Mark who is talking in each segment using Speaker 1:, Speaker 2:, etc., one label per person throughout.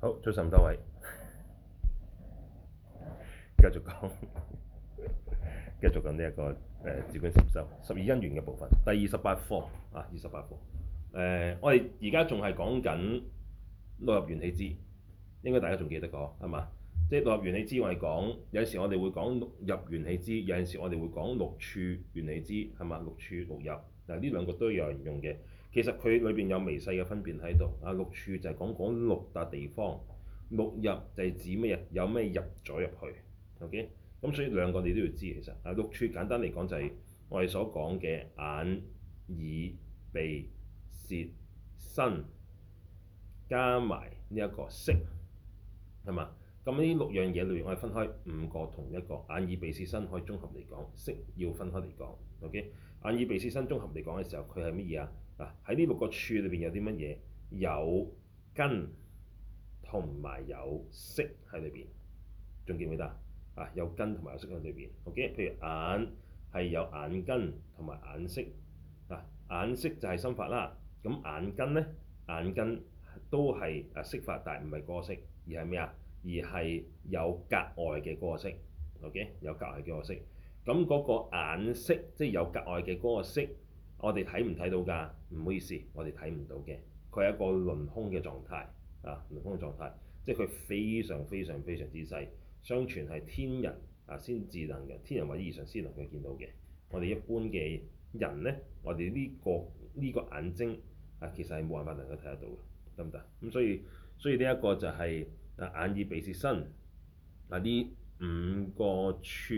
Speaker 1: 好，早晨多位，繼續講，繼續講呢一個誒止、呃、觀禪修十二因緣嘅部分，第二十八課啊，二十八課，誒、呃、我哋而家仲係講緊六入緣起支，應該大家仲記得個係嘛？即係六入緣起支，我哋講有時我哋會講六入緣起支，有陣時我哋會講六處緣起支係嘛？六處六入嗱，呢兩個都有人用嘅。其實佢裏邊有微細嘅分別喺度。阿六處就係講講六笪地方，六入就係指咩嘢？有咩入咗入去，OK？咁所以兩個你都要知。其實阿六處簡單嚟講就係我哋所講嘅眼、耳、鼻、舌、身，加埋呢一個色，係嘛？咁呢六樣嘢裏邊我哋分開五個同一個眼、耳、鼻、舌、身可以綜合嚟講，色要分開嚟講，OK？眼、耳、鼻、舌、身綜合嚟講嘅時候，佢係乜嘢啊？喺呢六個處裏邊有啲乜嘢？有根同埋有色喺裏邊，仲記唔記得啊？有根同埋有色喺裏邊。OK，譬如眼係有眼根同埋眼色。嗱，眼色就係心法啦。咁眼根呢？眼根都係啊色法，但係唔係個色，而係咩啊？而係有格外嘅個色。OK，有格外嘅個色。咁嗰個眼色，即係有格外嘅嗰個色，我哋睇唔睇到㗎？唔好意思，我哋睇唔到嘅，佢係一個輪空嘅狀態，啊，輪空嘅狀態，即係佢非常非常非常之細，相傳係天人啊先至能嘅，天人或者異常先能夠見到嘅。我哋一般嘅人呢，我哋呢個呢個眼睛啊，其實係冇辦法能夠睇得到嘅，得唔得？咁所以所以呢一個就係眼耳鼻舌身啊，呢五個處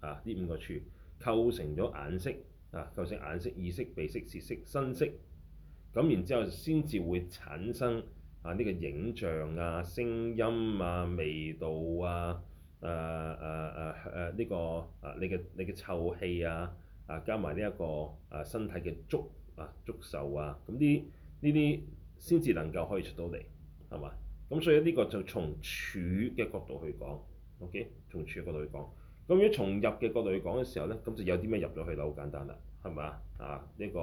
Speaker 1: 啊，呢五個處構成咗眼色。啊！構成眼識、耳識、鼻識、舌識、身識，咁然之後先至會產生啊呢個影像啊、聲音啊、味道啊、誒誒誒誒呢個啊你嘅你嘅臭氣啊啊加埋呢一個啊身體嘅觸啊觸受啊，咁呢呢啲先至能夠可以出到嚟，係嘛？咁所以呢個就從處嘅角度去講，OK？從處嘅角度去講，咁如果從入嘅角度去講嘅時候咧，咁就有啲咩入咗去啦？好簡單啦。係嘛？啊，呢、這、一個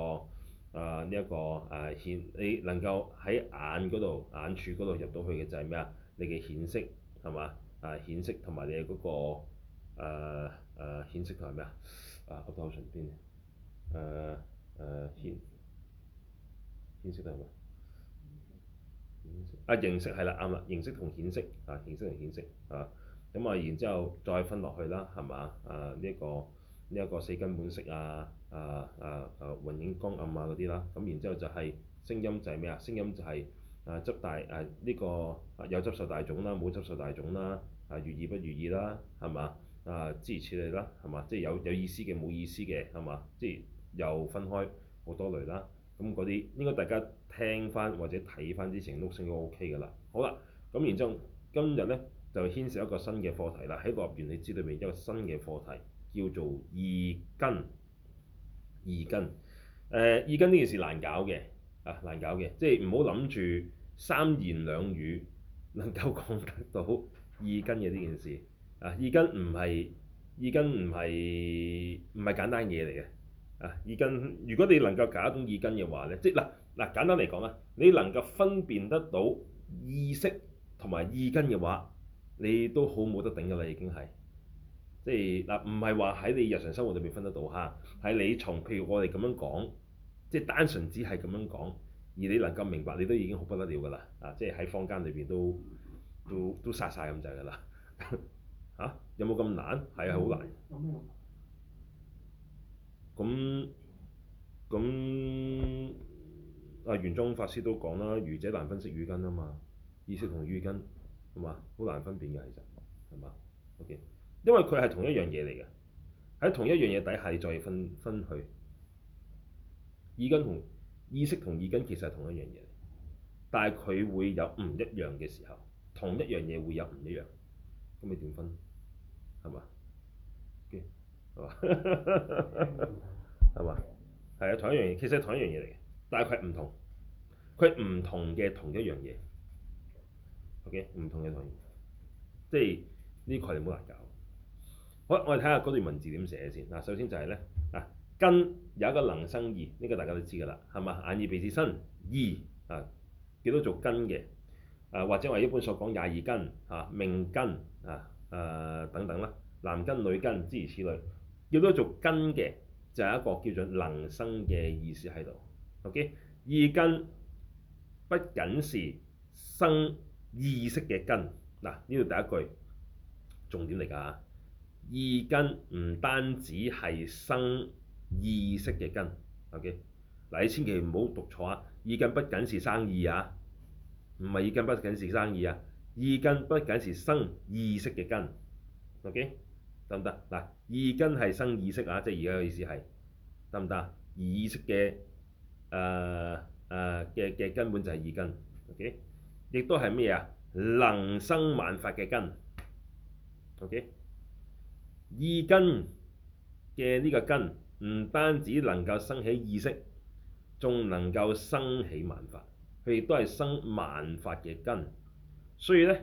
Speaker 1: 啊，呢、呃、一、這個啊顯、呃，你能夠喺眼嗰度、眼處嗰度入到去嘅就係咩啊？你嘅顯色係嘛？啊，顯色同埋你嗰個啊啊顯色同係咩啊？啊，講得好順啲。誒顯色啦，係、啊、咪、啊？啊，形色係啦，啱啦，形色同顯色啊，形色同顯色啊。咁啊，然之後再分落去啦，係嘛？啊，呢、這、一個呢一、這個四根本色啊。啊啊啊，雲，呃呃呃、影光暗啊嗰啲啦，咁然之後就係聲音就係咩，就是呃呃這個呃、啊？聲音就係啊，執大啊呢個有執受大種啦，冇執受大種啦，啊如意不如意啦，係嘛啊？諸如此類啦，係嘛？即係有有意思嘅，冇意思嘅，係嘛？即係又分開好多類啦。咁嗰啲應該大家聽翻或者睇翻之前嘅錄音都 O K 㗎啦。好啦，咁然之後今日咧就牽涉一個新嘅課題啦。喺入邊你知到面，一個新嘅課題叫做意根。意根，誒意根呢件事難搞嘅，啊難搞嘅，即係唔好諗住三言兩語能夠講得到意根嘅呢件事，啊意根唔係意根唔係唔係簡單嘢嚟嘅，啊意根如果你能夠搞到意根嘅話咧，即係嗱嗱簡單嚟講啊，你能夠分辨得到意識同埋意根嘅話，你都好冇得頂噶啦已經係，即係嗱唔係話喺你日常生活裏面分得到嚇。係你從，譬如我哋咁樣講，即係單純只係咁樣講，而你能夠明白，你都已經好不得了㗎啦。啊，即係喺坊間裏邊都都都殺晒咁滯㗎啦。嚇、啊？有冇咁難？係、嗯嗯、啊，好難。有咩難？咁咁啊，玄宗法師都講啦，愚者難分識與根啊嘛。意識同意根，係嘛？好難分辨嘅，其實係嘛？OK，因為佢係同一樣嘢嚟嘅。喺同一樣嘢底下，再分分去，意根同意識同意根其實係同一樣嘢嚟。但係佢會有唔一樣嘅時候，同一樣嘢會有唔一樣，咁你點分？係嘛？嘅係嘛？係 嘛？係啊，同一樣嘢，其實係同一樣嘢嚟嘅，但係佢唔同，佢唔同嘅同一樣嘢。OK，唔同嘅同一樣嘢，即係呢個概念好難搞。我哋睇下嗰段文字點寫先嗱。首先就係咧嗱，根有一個能生義，呢、這個大家都知㗎啦，係嘛？眼耳鼻舌身，意啊，幾多做根嘅？誒或者話一般所講廿二根嚇，命根啊誒、呃、等等啦，男根女根之如此類，幾多做根嘅就有、是、一個叫做能生嘅意思喺度。O K，意根不僅是生意識嘅根，嗱呢度第一句重點嚟㗎。意根唔單止係生意識嘅根，OK 嗱，你千祈唔好讀錯啊！意根不僅是生意啊，唔係意根不僅是生意啊，意根不僅是生意識嘅根，OK 得唔得？嗱，意根係生意識啊，即係而家嘅意思係得唔得？意識嘅誒誒嘅嘅根本就係意根，OK，亦都係咩啊？能生萬法嘅根，OK。意根嘅呢個根唔單止能夠生起意識，仲能夠生起萬法，佢亦都係生萬法嘅根。所以咧，誒、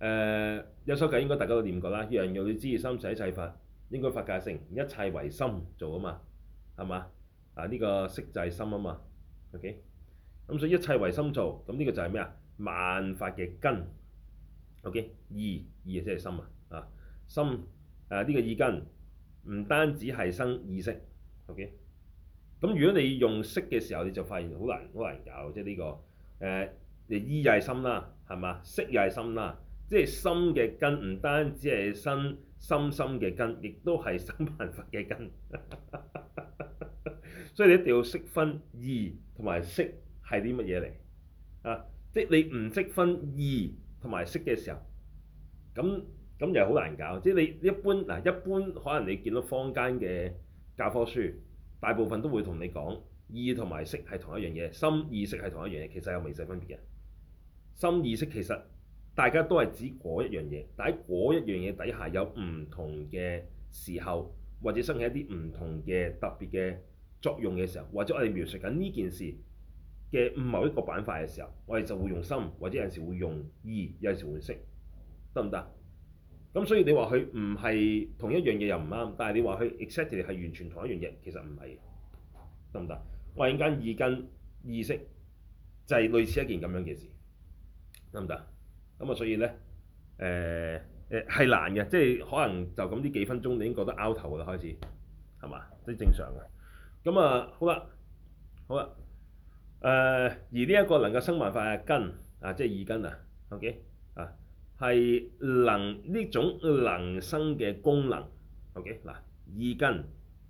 Speaker 1: 呃、有首偈應該大家都念過啦，一用你知心使一切法，應觀法界性，一切唯心造啊嘛，係嘛啊？呢、這個色界心啊嘛，ok，咁所以一切唯心造，咁呢個就係咩啊？萬法嘅根，ok，意，意即係心啊。心誒呢、啊，這個意根唔單止係生意識，OK？咁如果你用識嘅時候，你就發現好難好難搞，即係呢個誒，你、呃、意又係心啦，係嘛？識又係心啦，即係心嘅根唔單止係生心心嘅根，亦都係生萬法嘅根。根 所以你一定要識分意同埋識係啲乜嘢嚟啊！即係你唔識分意同埋識嘅時候，咁。咁又好難搞，即係你一般嗱，一般可能你見到坊間嘅教科書，大部分都會同你講意同埋識係同一樣嘢，心意識係同一樣嘢，其實有微細分別嘅。心意識其實大家都係指嗰一樣嘢，但喺嗰一樣嘢底下有唔同嘅時候，或者生起一啲唔同嘅特別嘅作用嘅時候，或者我哋描述緊呢件事嘅某一個板塊嘅時候，我哋就會用心，或者有陣時會用意，有陣時會識，得唔得？咁所以你話佢唔係同一樣嘢又唔啱，但係你話佢 exactly 係完全同一樣嘢，其實唔係，得唔得？話依間意根意識就係、是、類似一件咁樣嘅事，得唔得？咁啊，所以咧，誒誒係難嘅，即係可能就咁啲幾分鐘，你已經覺得拗頭啦開始，係嘛？都正常嘅。咁啊，好啦，好啦，誒、呃、而呢一個能夠生萬法嘅根啊，即係意根啊，OK 啊。係能呢種能生嘅功能，OK 嗱，意根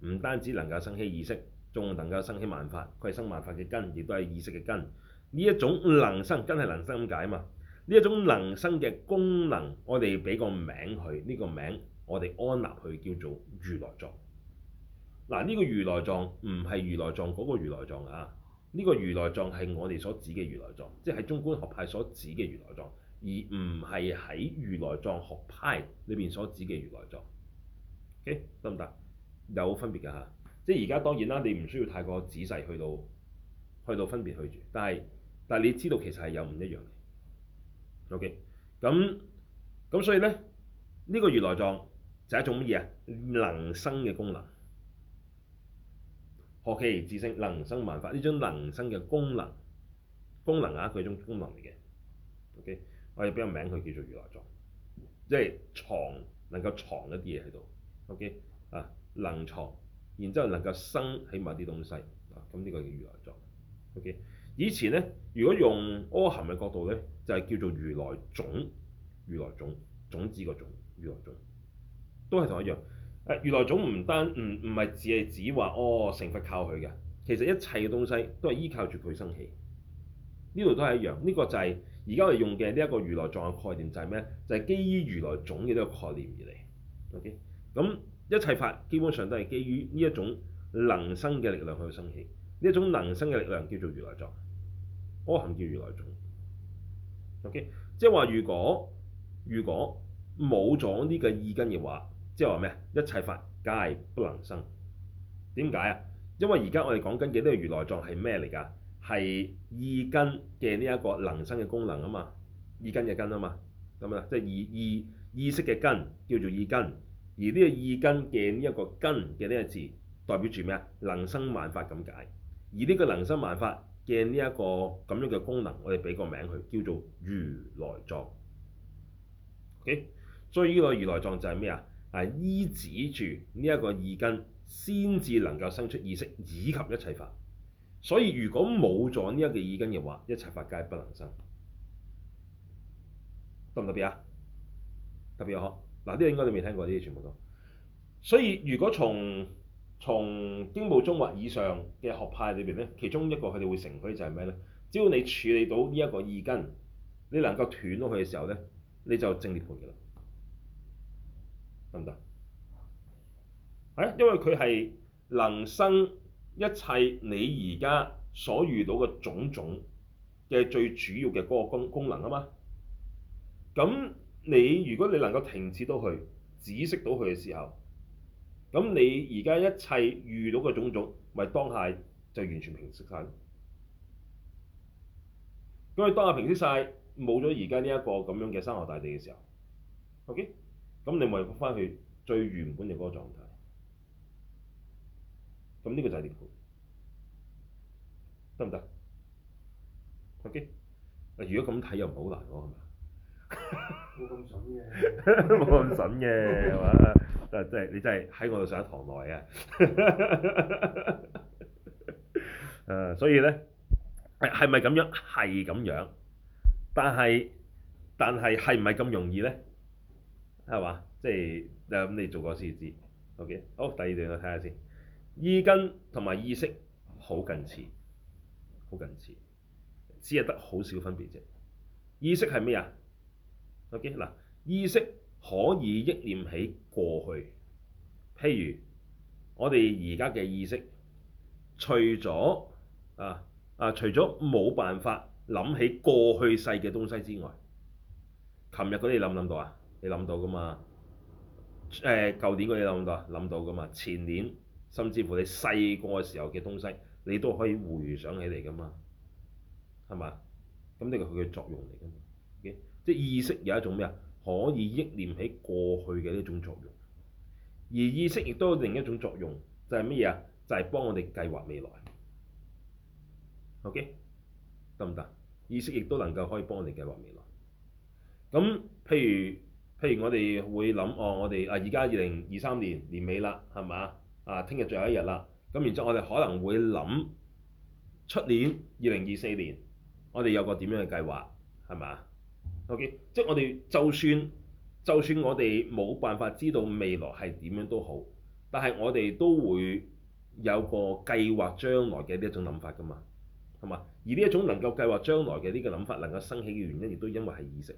Speaker 1: 唔單止能夠生起意識，仲能夠生起萬法，佢係生萬法嘅根，亦都係意識嘅根。呢一種能生，根係能生咁解嘛！呢一種能生嘅功能，我哋俾個名佢，呢個名我哋安立佢叫做如來藏。嗱，呢個如來藏唔係如來藏嗰個如來藏啊，呢個如來藏係我哋所指嘅如來藏，即係中觀學派所指嘅如來藏。而唔係喺如來藏學派裏面所指嘅如來藏，OK 得唔得？有分別㗎吓？即係而家當然啦，你唔需要太過仔細去到去到分別去住，但係但係你知道其實係有唔一樣嘅。OK 咁咁所以咧呢，呢個如來藏就係一種乜嘢啊？能生嘅功能，學其而自性，能生萬法呢種能生嘅功能功能啊，佢係種功能嚟嘅。OK。我哋俾個名佢叫做如來藏，即係藏能夠藏一啲嘢喺度，OK 啊，能藏，然之後能夠生起埋啲東西啊，咁、這、呢個叫如來藏，OK。以前咧，如果用阿含嘅角度咧，就係、是、叫做如來種，如來種，種子個種，如來種，都係同一樣。誒，如來種唔單唔唔係只係指話哦，成佛靠佢嘅，其實一切嘅東西都係依靠住佢生起，呢度都係一樣，呢、這個就係、是。而家我哋用嘅呢一個如來藏嘅概念就係咩？就係、是、基於如來種嘅呢個概念而嚟。OK，咁一切法基本上都係基於呢一種能生嘅力量去生起。呢一種能生嘅力量叫做如來藏，包含叫如來種。OK，即係話如果如果冇咗呢個意根嘅話，即係話咩？一切法梗係不能生。點解啊？因為而家我哋講緊嘅呢個如來藏係咩嚟㗎？係意根嘅呢一個能生嘅功能啊嘛，意根嘅根啊嘛，咁啊，即係意意意識嘅根叫做意根，而呢個意根嘅呢一個根嘅呢個字代表住咩啊？能生萬法咁解，而呢個能生萬法嘅呢一個咁樣嘅功能，我哋俾個名佢叫做如來藏。O、okay? K，所以呢個如來藏就係咩啊？係依止住呢一個意根，先至能夠生出意識以及一切法。所以如果冇咗呢一個意根嘅話，一切法皆不能生，得唔特別啊？特別啊！嗱，呢啲應該你未聽過，呢啲全部都。所以如果從從經部宗或以上嘅學派裏邊咧，其中一個佢哋會承許就係咩咧？只要你處理到呢一個意根，你能夠斷落去嘅時候咧，你就證涅槃嘅啦，得唔得？啊、哎，因為佢係能生。一切你而家所遇到嘅種種嘅最主要嘅嗰個功功能啊嘛，咁你如果你能夠停止到佢，止息到佢嘅時候，咁你而家一切遇到嘅種種，咪當下就完全平息晒咯。咁你當下平息晒，冇咗而家呢一個咁樣嘅山河大地嘅時候，OK，咁你咪翻去最原本嘅嗰個狀態。咁呢個就係點？得唔得？OK。啊，如果咁睇又唔係好難喎，係咪？冇
Speaker 2: 咁
Speaker 1: 筍嘅。冇咁筍嘅係嘛？啊！即係你真係喺我度上堂來嘅。啊，所以咧，係係咪咁樣？係咁樣，但係但係係唔係咁容易咧？係嘛？即係啊！咁你做過先知。OK。好，第二段我睇下先。意根同埋意識好近似，好近似，只係得好少分別啫。意識係咩啊？OK 嗱，意識可以憶念起過去。譬如我哋而家嘅意識，除咗啊啊，除咗冇辦法諗起過去世嘅東西之外，琴日啲你諗唔諗到啊？你諗到噶嘛？誒、呃，舊年啲你諗唔到啊？諗到噶嘛？前年？甚至乎你細個嘅時候嘅東西，你都可以回想起嚟噶嘛？係嘛？咁呢個佢嘅作用嚟噶嘛？嘅、okay? 即意識有一種咩啊？可以憶念起過去嘅呢種作用，而意識亦都有另一種作用就係乜嘢啊？就係、是、幫、就是、我哋計劃未來。OK，得唔得？意識亦都能夠可以幫我哋計劃未來。咁譬如譬如我哋會諗哦，我哋啊而家二零二三年年尾啦，係嘛？啊，聽日最後一日啦，咁然之後我哋可能會諗出年二零二四年，我哋有個點樣嘅計劃，係嘛？OK，即係我哋就算就算我哋冇辦法知道未來係點樣都好，但係我哋都會有個計劃將來嘅呢一種諗法㗎嘛，係嘛？而呢一種能夠計劃將來嘅呢個諗法能夠生起嘅原因，亦都因為係意識。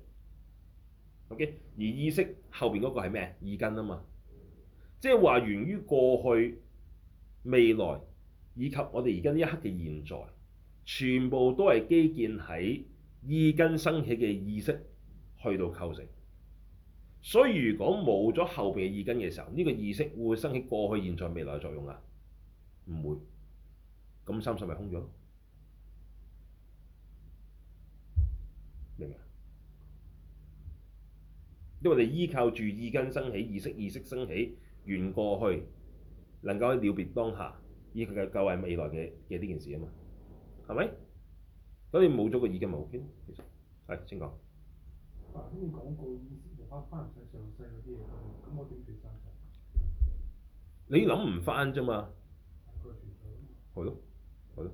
Speaker 1: OK，而意識後邊嗰個係咩？意根啊嘛。即係話源於過去、未來以及我哋而家呢一刻嘅現在，全部都係基建喺意根生起嘅意識去到構成。所以如果冇咗後邊嘅意根嘅時候，呢個意識會生起過去、現在、未來嘅作用啊？唔會。咁三世咪空咗。明唔明啊？因為你依靠住意根生起意識，意識生起。緣過去，能夠了別當下，依個就係未來嘅嘅呢件事啊嘛，係咪？所以冇咗個已經無望嘅，其實，係先講。
Speaker 2: 但係啲廣告無法翻上
Speaker 1: 世嗰啲嘢，咁我點斷曬？你諗唔翻啫嘛？係咯，係咯，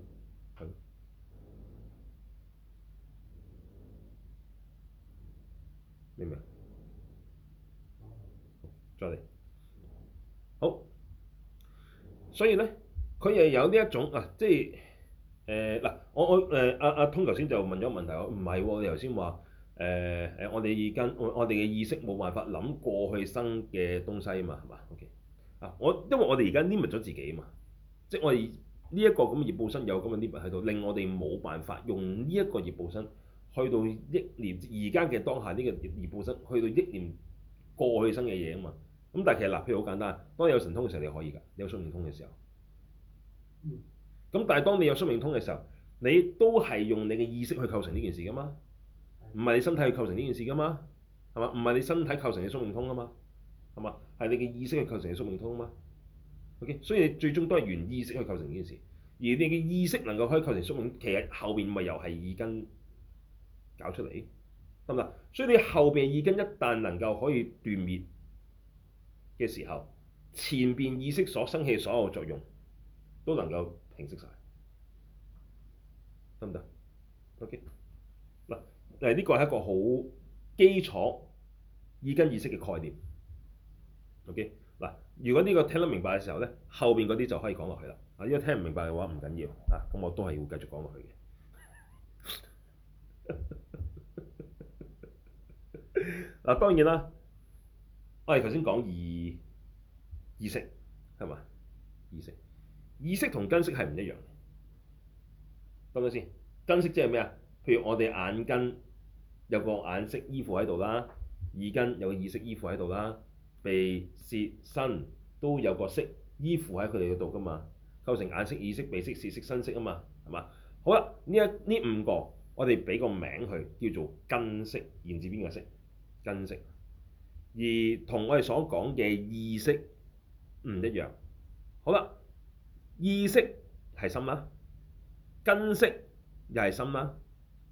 Speaker 1: 係咯。明唔明？再嚟。所以咧，佢又有呢一種啊，即係誒嗱，我我誒阿阿通頭先就問咗問題，唔係喎，我哋頭先話誒誒，我哋而家我我哋嘅意識冇辦法諗過去生嘅東西啊嘛，係嘛？O K. 啊，我因為我哋而家黏埋咗自己啊嘛，即係我哋呢一個咁嘅業報身有咁嘅黏埋喺度，令我哋冇辦法用呢一個業報身去到憶念而家嘅當下呢個業業報身去到憶念過去生嘅嘢啊嘛。咁但係其實嗱，譬如好簡單，當你有神通嘅時候，你可以㗎。你有宿命通嘅時候，咁但係當你有宿命通嘅時候，你都係用你嘅意識去構成呢件事噶嘛，唔係你身體去構成呢件事噶嘛，係嘛？唔係你身體構成嘅宿命通啊嘛，係嘛？係你嘅意識去構成嘅宿命通啊嘛。OK，所以你最終都係原意識去構成呢件事，而你嘅意識能夠可以構成宿命，其實後邊咪又係耳根搞出嚟，係咪？所以你後邊耳根一旦能夠可以斷滅。嘅時候，前邊意識所生起所有作用，都能夠平息晒，得唔得？OK 嗱，呢個係一個好基礎意根意識嘅概念。OK 嗱，如果呢個聽得明白嘅時候呢，後邊嗰啲就可以講落去啦。啊，因為聽唔明白嘅話唔緊要啊，咁我都係要繼續講落去嘅。啊， 當然啦。我哋頭先講意意識，係嘛？意識、意識同根色係唔一樣，得唔得先？根色即係咩啊？譬如我哋眼根有個眼色依附喺度啦，耳根有個耳色依附喺度啦，鼻、舌、身都有個色依附喺佢哋度噶嘛，構成眼色、耳色、鼻色、舌色、身色啊嘛，係嘛？好啦，呢一呢五個我哋俾個名佢，叫做根色，現至邊個色？根色。而同我哋所講嘅意識唔一樣。好啦，意識係心啦，根識又係心啦。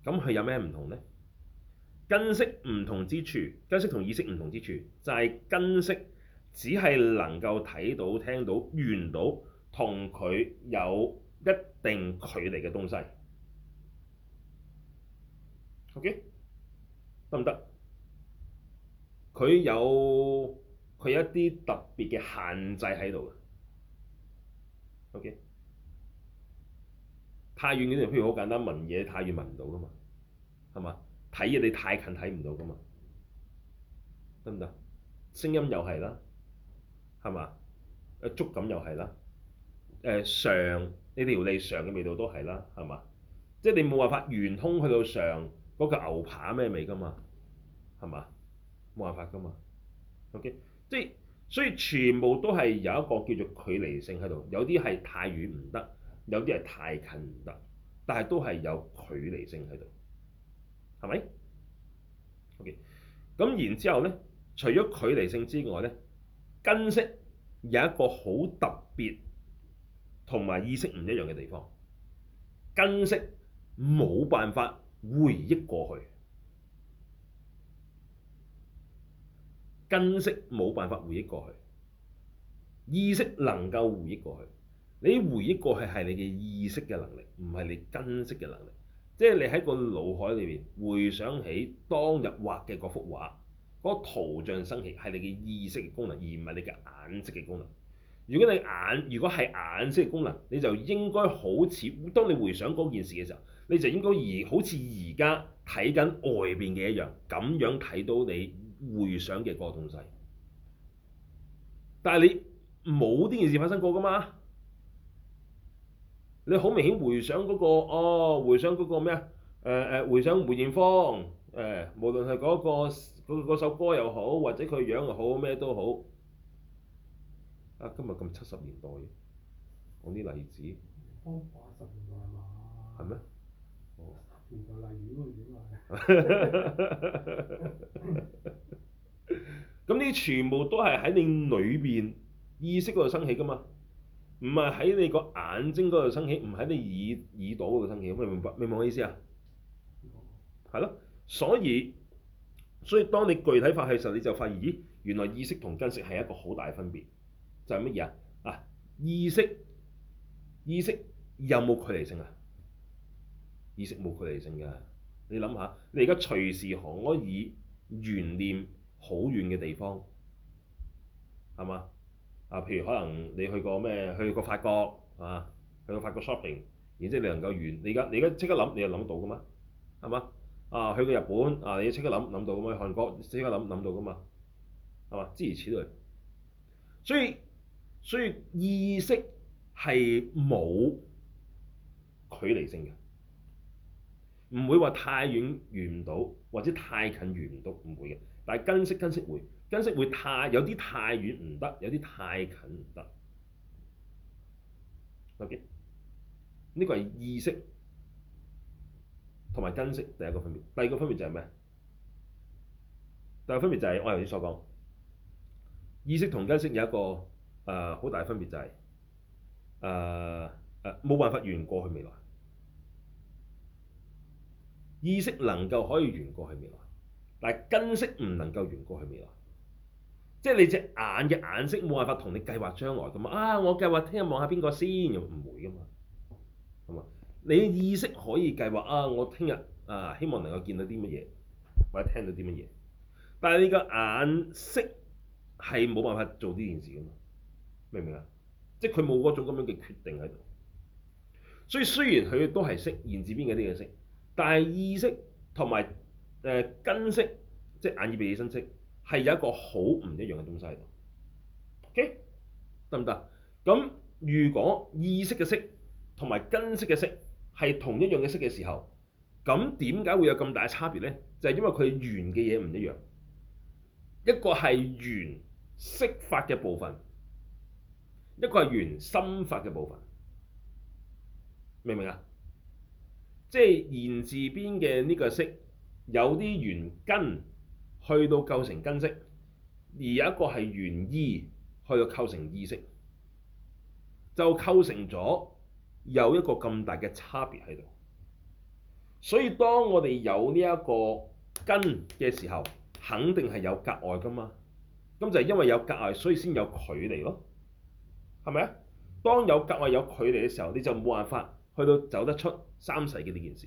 Speaker 1: 咁佢有咩唔同呢？根識唔同之處，根識同意識唔同之處就係、是、根識只係能夠睇到、聽到、聞到同佢有一定距離嘅東西。OK，得唔得？佢有佢一啲特別嘅限制喺度嘅，OK？太遠嗰啲，譬如好簡單，聞嘢太遠聞唔到噶嘛，係嘛？睇嘢你太近睇唔到噶嘛，得唔得？聲音又係啦，係嘛？誒觸感又係啦，誒、呃、上呢條脷上嘅味道都係啦，係嘛？即係你冇辦法圓通去到上嗰、嗰個牛扒咩味噶嘛，係嘛？冇辦法㗎嘛，OK，即係所以全部都係有一個叫做距離性喺度，有啲係太遠唔得，有啲係太近唔得，但係都係有距離性喺度，係咪？OK，咁然之後咧，除咗距離性之外咧，根識有一個好特別同埋意識唔一樣嘅地方，根識冇辦法回憶過去。根識冇辦法回憶過去，意識能夠回憶過去。你回憶過去係你嘅意識嘅能力，唔係你根識嘅能力。即係你喺個腦海裏邊回想起當日畫嘅嗰幅畫，嗰個圖像生起係你嘅意識功能，而唔係你嘅眼識嘅功能。如果你眼，如果係眼識嘅功能，你就應該好似當你回想嗰件事嘅時候，你就應該而好似而家睇緊外邊嘅一樣，咁樣睇到你。回想嘅個東西，但係你冇呢件事發生過噶嘛。你好明顯回想嗰個哦，回想嗰個咩啊？誒誒，回想梅艷芳誒，無論係嗰個嗰首歌又好，或者佢樣又好，咩都好。啊！今日咁七十年代嘅講啲例子。七十年代嘛。係咩？年代例子。咁呢啲全部都係喺你裏邊意識嗰度升起噶嘛，唔係喺你個眼睛嗰度升起，唔喺你耳耳朵嗰度升起，明唔明白？明唔明我意思啊？係咯白，所以所以當你具體發起時候，你就發現，咦，原來意識同根識係一個好大分別，就係乜嘢啊？意識意識有冇距離性啊？意識冇距離性㗎，你諗下，你而家隨時可以緣念好遠嘅地方，係嘛？啊，譬如可能你去過咩？去過法國，係嘛？去過法國 shopping，然之後你能夠緣。你而家你而家即刻諗，你又諗到噶嘛？係嘛？啊，去過日本，啊，你即刻諗諗到咁，去韓國即刻諗諗到噶嘛？係嘛？諸如此類，所以所以意識係冇距離性嘅，唔會話太遠緣唔到，或者太近緣唔到，唔會嘅。但係根識，根識會，根識會太有啲太遠唔得，有啲太近唔得。得嘅，呢個係意識同埋根識第一個分別。第二個分別就係咩？第二個分別就係、是、我頭先所講，意識同根識有一個誒好、呃、大分別、就是，就係誒誒冇辦法緣過去未來。意識能夠可以緣過去未來。但係，根識唔能夠緣過去未來，即係你隻眼嘅顏色冇辦法同你計劃將來。咁啊，我計劃聽日望下邊個先，又唔會噶嘛。咁啊，你意識可以計劃啊，我聽日啊，希望能夠見到啲乜嘢，或者聽到啲乜嘢。但係你個顏色係冇辦法做呢件事噶嘛，明唔明啊？即係佢冇嗰種咁樣嘅決定喺度。所以雖然佢都係識，言字邊嗰啲嘢識，但係意識同埋。誒、呃、根識即眼耳鼻舌身識係有一個好唔一樣嘅東西喺度，OK 得唔得？咁如果意識嘅識同埋根識嘅識係同一樣嘅識嘅時候，咁點解會有咁大嘅差別咧？就係、是、因為佢緣嘅嘢唔一樣，一個係緣色法嘅部分，一個係緣心法嘅部分，明唔明啊？即係言字邊嘅呢個識。有啲原根去到構成根識，而有一個係原意去到構成意識，就構成咗有一個咁大嘅差別喺度。所以當我哋有呢一個根嘅時候，肯定係有格外㗎嘛。咁就係因為有格外，所以先有距離咯，係咪啊？當有格外有距離嘅時候，你就冇辦法去到走得出三世嘅呢件事，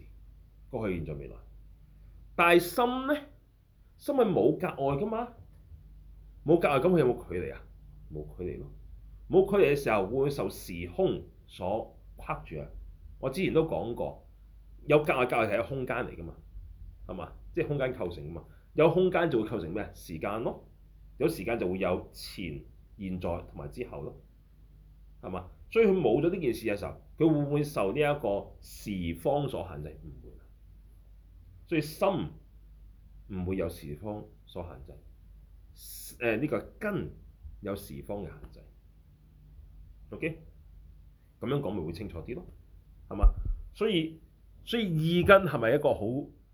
Speaker 1: 過去、現在、未來。但係心咧，心係冇隔外噶嘛，冇隔外咁，佢有冇距離啊？冇距離咯，冇距離嘅時候，會唔會受時空所框住啊？我之前都講過，有隔外，隔外係一個空間嚟噶嘛，係嘛？即係空間構成噶嘛，有空間就會構成咩啊？時間咯，有時間就會有前、現在同埋之後咯，係嘛？所以佢冇咗呢件事嘅時候，佢會唔會受呢一個時方所限制？所以心唔會有時方所限制，誒、呃、呢、這個根有時方嘅限制，OK，咁樣講咪會清楚啲咯，係嘛？所以所以意根係咪一個好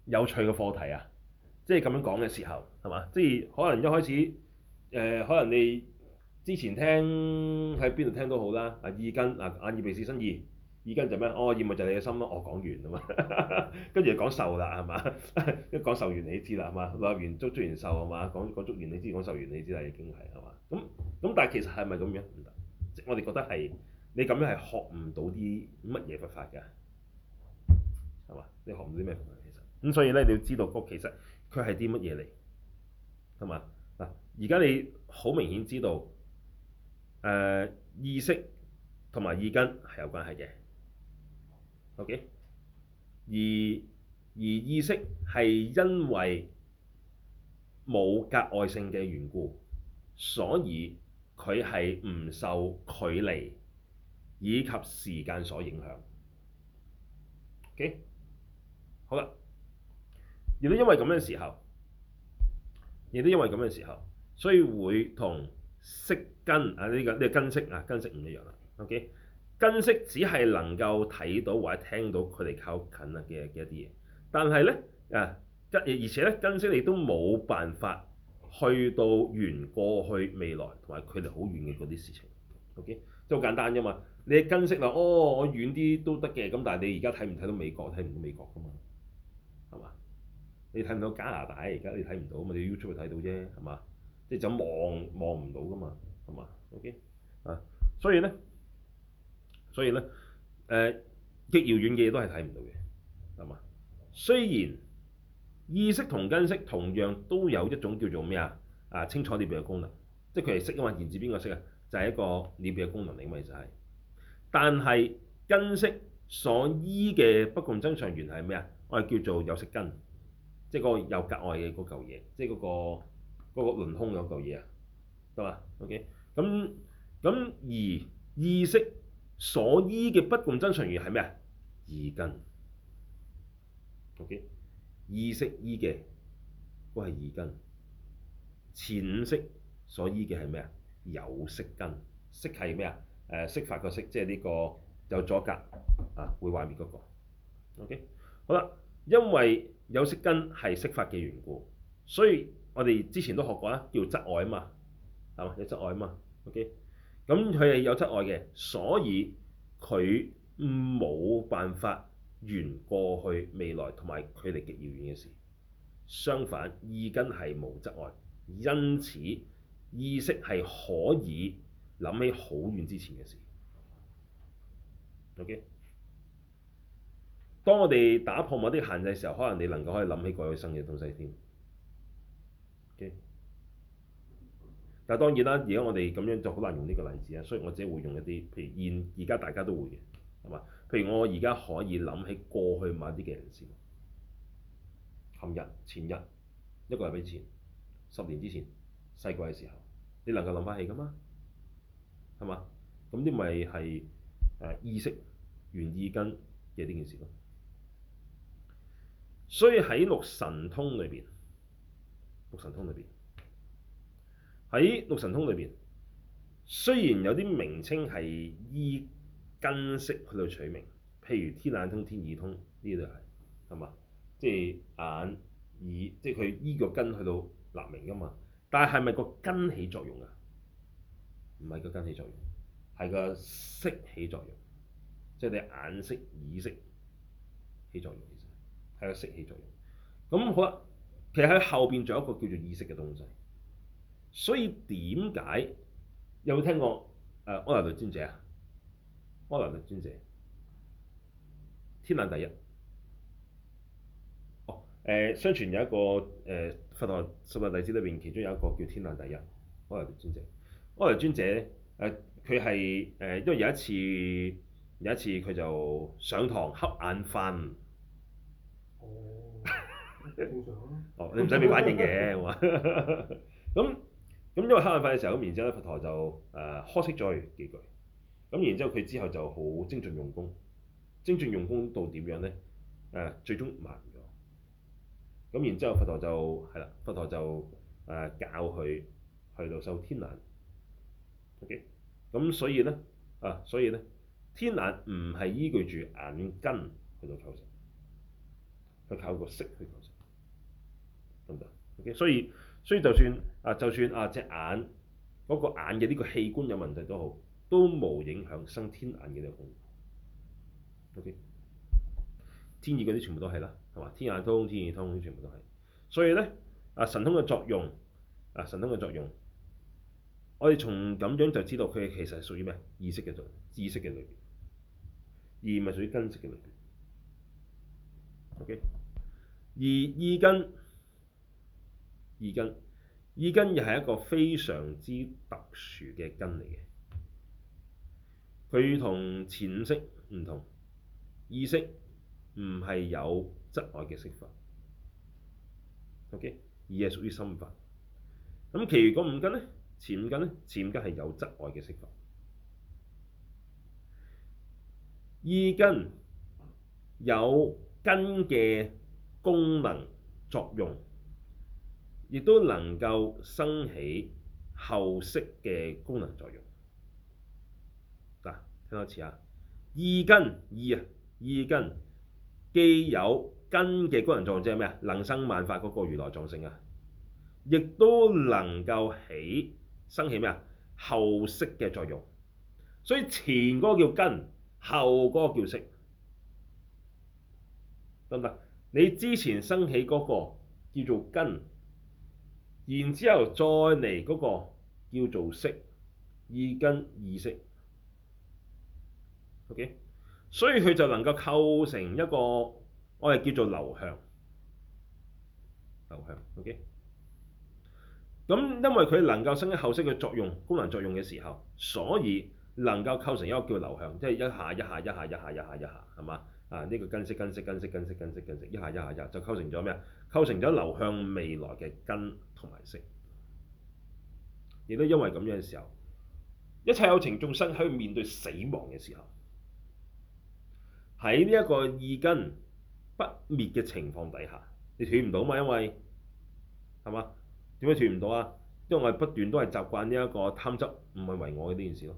Speaker 1: 有趣嘅課題啊？即係咁樣講嘅時候，係嘛？即、就、係、是、可能一開始誒、呃，可能你之前聽喺邊度聽都好啦，啊意根啊，眼耳鼻舌身意。耳根就咩？哦，意物就你嘅心咯。我完 完完講,講,講完啊嘛，跟住又講受啦，係嘛？一講受完你知啦，係嘛？話完觸觸完受係嘛？講講觸完你知，講受完你知啦，已經係係嘛？咁咁，但係其實係咪咁樣唔得？即我哋覺得係你咁樣係學唔到啲乜嘢佛法㗎，係嘛？你學唔到啲咩佛法其實？咁所以咧，你要知道嗰其實佢係啲乜嘢嚟，係嘛？嗱，而家你好明顯知道誒、呃、意識同埋意根係有關係嘅。O.K. 而而意識係因為冇隔外性嘅緣故，所以佢係唔受距離以及時間所影響。O.K. 好啦，亦都因為咁嘅時候，亦都因為咁嘅時候，所以會同色根啊呢、這個呢、這個根識，啊根識唔一樣啦。O.K. 根識只係能夠睇到或者聽到佢哋靠近啊嘅嘅一啲嘢，但係咧啊，而且咧根識你都冇辦法去到緣過去未來同埋距離好遠嘅嗰啲事情，OK，即係好簡單啫嘛。你根識啦，哦，我遠啲都得嘅，咁但係你而家睇唔睇到美國？睇唔到美國噶嘛，係嘛？你睇唔到加拿大，而家你睇唔到嘛，你 YouTube 睇到啫，係嘛？即係就望望唔到噶嘛，係嘛？OK，啊，所以咧。所以咧，誒極遙遠嘅嘢都係睇唔到嘅，係嘛？雖然意識同根識同樣都有一種叫做咩啊？啊，清楚了別嘅功能，即係佢係識嘅嘛？源自邊個識啊？就係、是、一個了別嘅功能嚟，咪就係。但係根識所依嘅不共增上緣係咩啊？我係叫做有色根，即係個有格外嘅嗰嚿嘢，即係嗰、那個嗰、那個、輪空嗰嚿嘢啊，係嘛？OK，咁咁而意識，所依嘅不共增上緣係咩啊？意根，OK，意識依嘅都係意根。前五識所依嘅係咩啊？有色根，色係咩啊？誒，色法個色，即係呢個有阻隔啊，會壞滅嗰個。OK，好啦，因為有色根係色法嘅緣故，所以我哋之前都學過啦，叫做質礙啊嘛，係嘛？有質礙啊嘛，OK。咁佢係有質礙嘅，所以佢冇辦法緣過去、未來同埋距離極遙遠嘅事。相反，意根係冇質礙，因此意識係可以諗起好遠之前嘅事。OK，當我哋打破某啲限制嘅時候，可能你能夠可以諗起過去生嘅東西添。OK。但係當然啦，而家我哋咁樣就好難用呢個例子啦，所以我只會用一啲，譬如現而家大家都會嘅，係嘛？譬如我而家可以諗起過去某啲嘅人事。琴日、前日、一個禮拜之前、十年之前、細個嘅時候，你能夠諗翻起㗎嘛？係嘛？咁呢咪係誒意識願意跟嘅呢件事咯。所以喺六神通裏邊，六神通裏邊。喺六神通裏邊，雖然有啲名稱係依根識去到取名，譬如天眼通、天耳通，呢啲都係係嘛，即係眼耳，即係佢依個根去到立名噶嘛。但係係咪個根起作用啊？唔係個根起作用，係個識起作用，即係你眼識、耳識起作用，其實係個識起作用。咁好啦，其實喺後邊仲有一個叫做意識嘅東西。所以點解有冇聽過誒阿那律尊者啊？阿那律尊者，天眼第一。哦，誒、呃，相傳有一個誒佛陀，佛陀十大弟子裏邊，其中有一個叫天眼第一阿那律尊者，阿那律尊者咧，誒、呃，佢係誒，因為有一次，有一次佢就上堂瞌眼瞓。哦。
Speaker 2: 你唔使畀反應嘅，
Speaker 1: 咁。咁因為瞌眼瞓嘅時候，咁然之後咧佛陀就誒呵斥咗佢幾句，咁然之後佢之後就好精進用功，精進用功到點樣咧？誒、呃，最終盲咗。咁然之後佛陀就係啦、嗯，佛陀就誒、呃、教佢去到受天眼。O.K. 咁、嗯、所以咧啊，所以咧天眼唔係依據住眼根去到構成，係靠個色去構成，得唔得？O.K. 所以所以就算。啊，就算啊隻眼嗰、那個眼嘅呢個器官有問題都好，都冇影響生天眼嘅功能。O.K. 天意嗰啲全部都係啦，係嘛？天眼通、天意通全部都係。所以咧，啊神通嘅作用，啊神通嘅作用，我哋從咁樣就知道佢其實係屬於咩意識嘅作用，意識嘅類別，而唔係屬於根識嘅類別。O.K. 而意根，意根。意根又係一個非常之特殊嘅根嚟嘅，佢同前色唔同，意識唔係有質礙嘅色法，OK，而係屬於心法。咁其餘嗰五根呢，前根呢，前根係有質礙嘅色法，意根有根嘅功能作用。亦都能夠生起後識嘅功能作用。嗱、啊，聽多次啊，意根意啊意根，既有根嘅功能作用，即係咩啊？能生萬法嗰個如來藏性啊！亦都能夠起生起咩啊？後識嘅作用。所以前嗰個叫根，後嗰個叫識。得唔得？你之前生起嗰、那個叫做根。然之後再嚟嗰個叫做色意根意識 OK。所以佢就能夠構成一個我哋叫做流向、流向，OK。咁因為佢能夠生起後識嘅作用功能作用嘅時候，所以能夠構成一個叫流向，即係一下一下一下一下一下一下，係嘛？啊，呢個根識根識根識根識根識根識，一下一下一下就構成咗咩啊？構成咗流向未來嘅根。亦都因為咁樣嘅時候，一切有情眾生喺面對死亡嘅時候，喺呢一個意根不滅嘅情況底下，你斷唔到嘛？因為係嘛，點解斷唔到啊？因為我哋不斷都係習慣呢一個貪執五蘊為我嘅呢件事咯，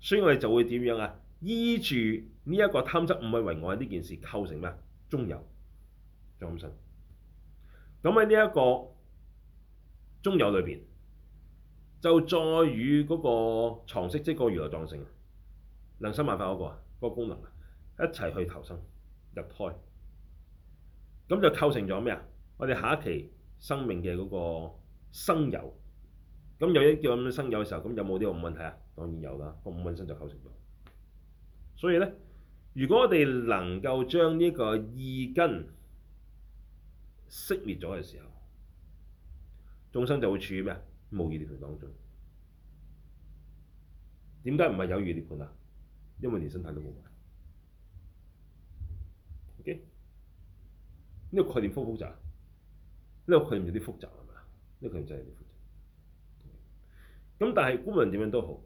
Speaker 1: 所以我哋就會點樣啊？依住呢一個貪執五蘊為我嘅呢件事構成咩啊？中有張心。咁喺呢一個中有裏邊，就再與嗰個藏識，即係個如來藏性啊，能生萬法嗰、嗰個嗰個功能啊，一齊去投生入胎，咁就構成咗咩啊？我哋下一期生命嘅嗰個生有。咁有一咁樣生有嘅時候，咁有冇呢個五蘊體啊？當然有啦，嗰個五蘊身就構成咗。所以咧，如果我哋能夠將呢個意根，熄滅咗嘅時候，眾生就會處於咩啊？無餘涅槃當中。點解唔係有餘涅槃啊？因為連身體都冇埋。OK，呢個概念複唔複雜？呢、呢個概念有啲複雜係咪啊？呢、呢個呢個概念真係有啲複雜。咁但係觀無人點樣都好。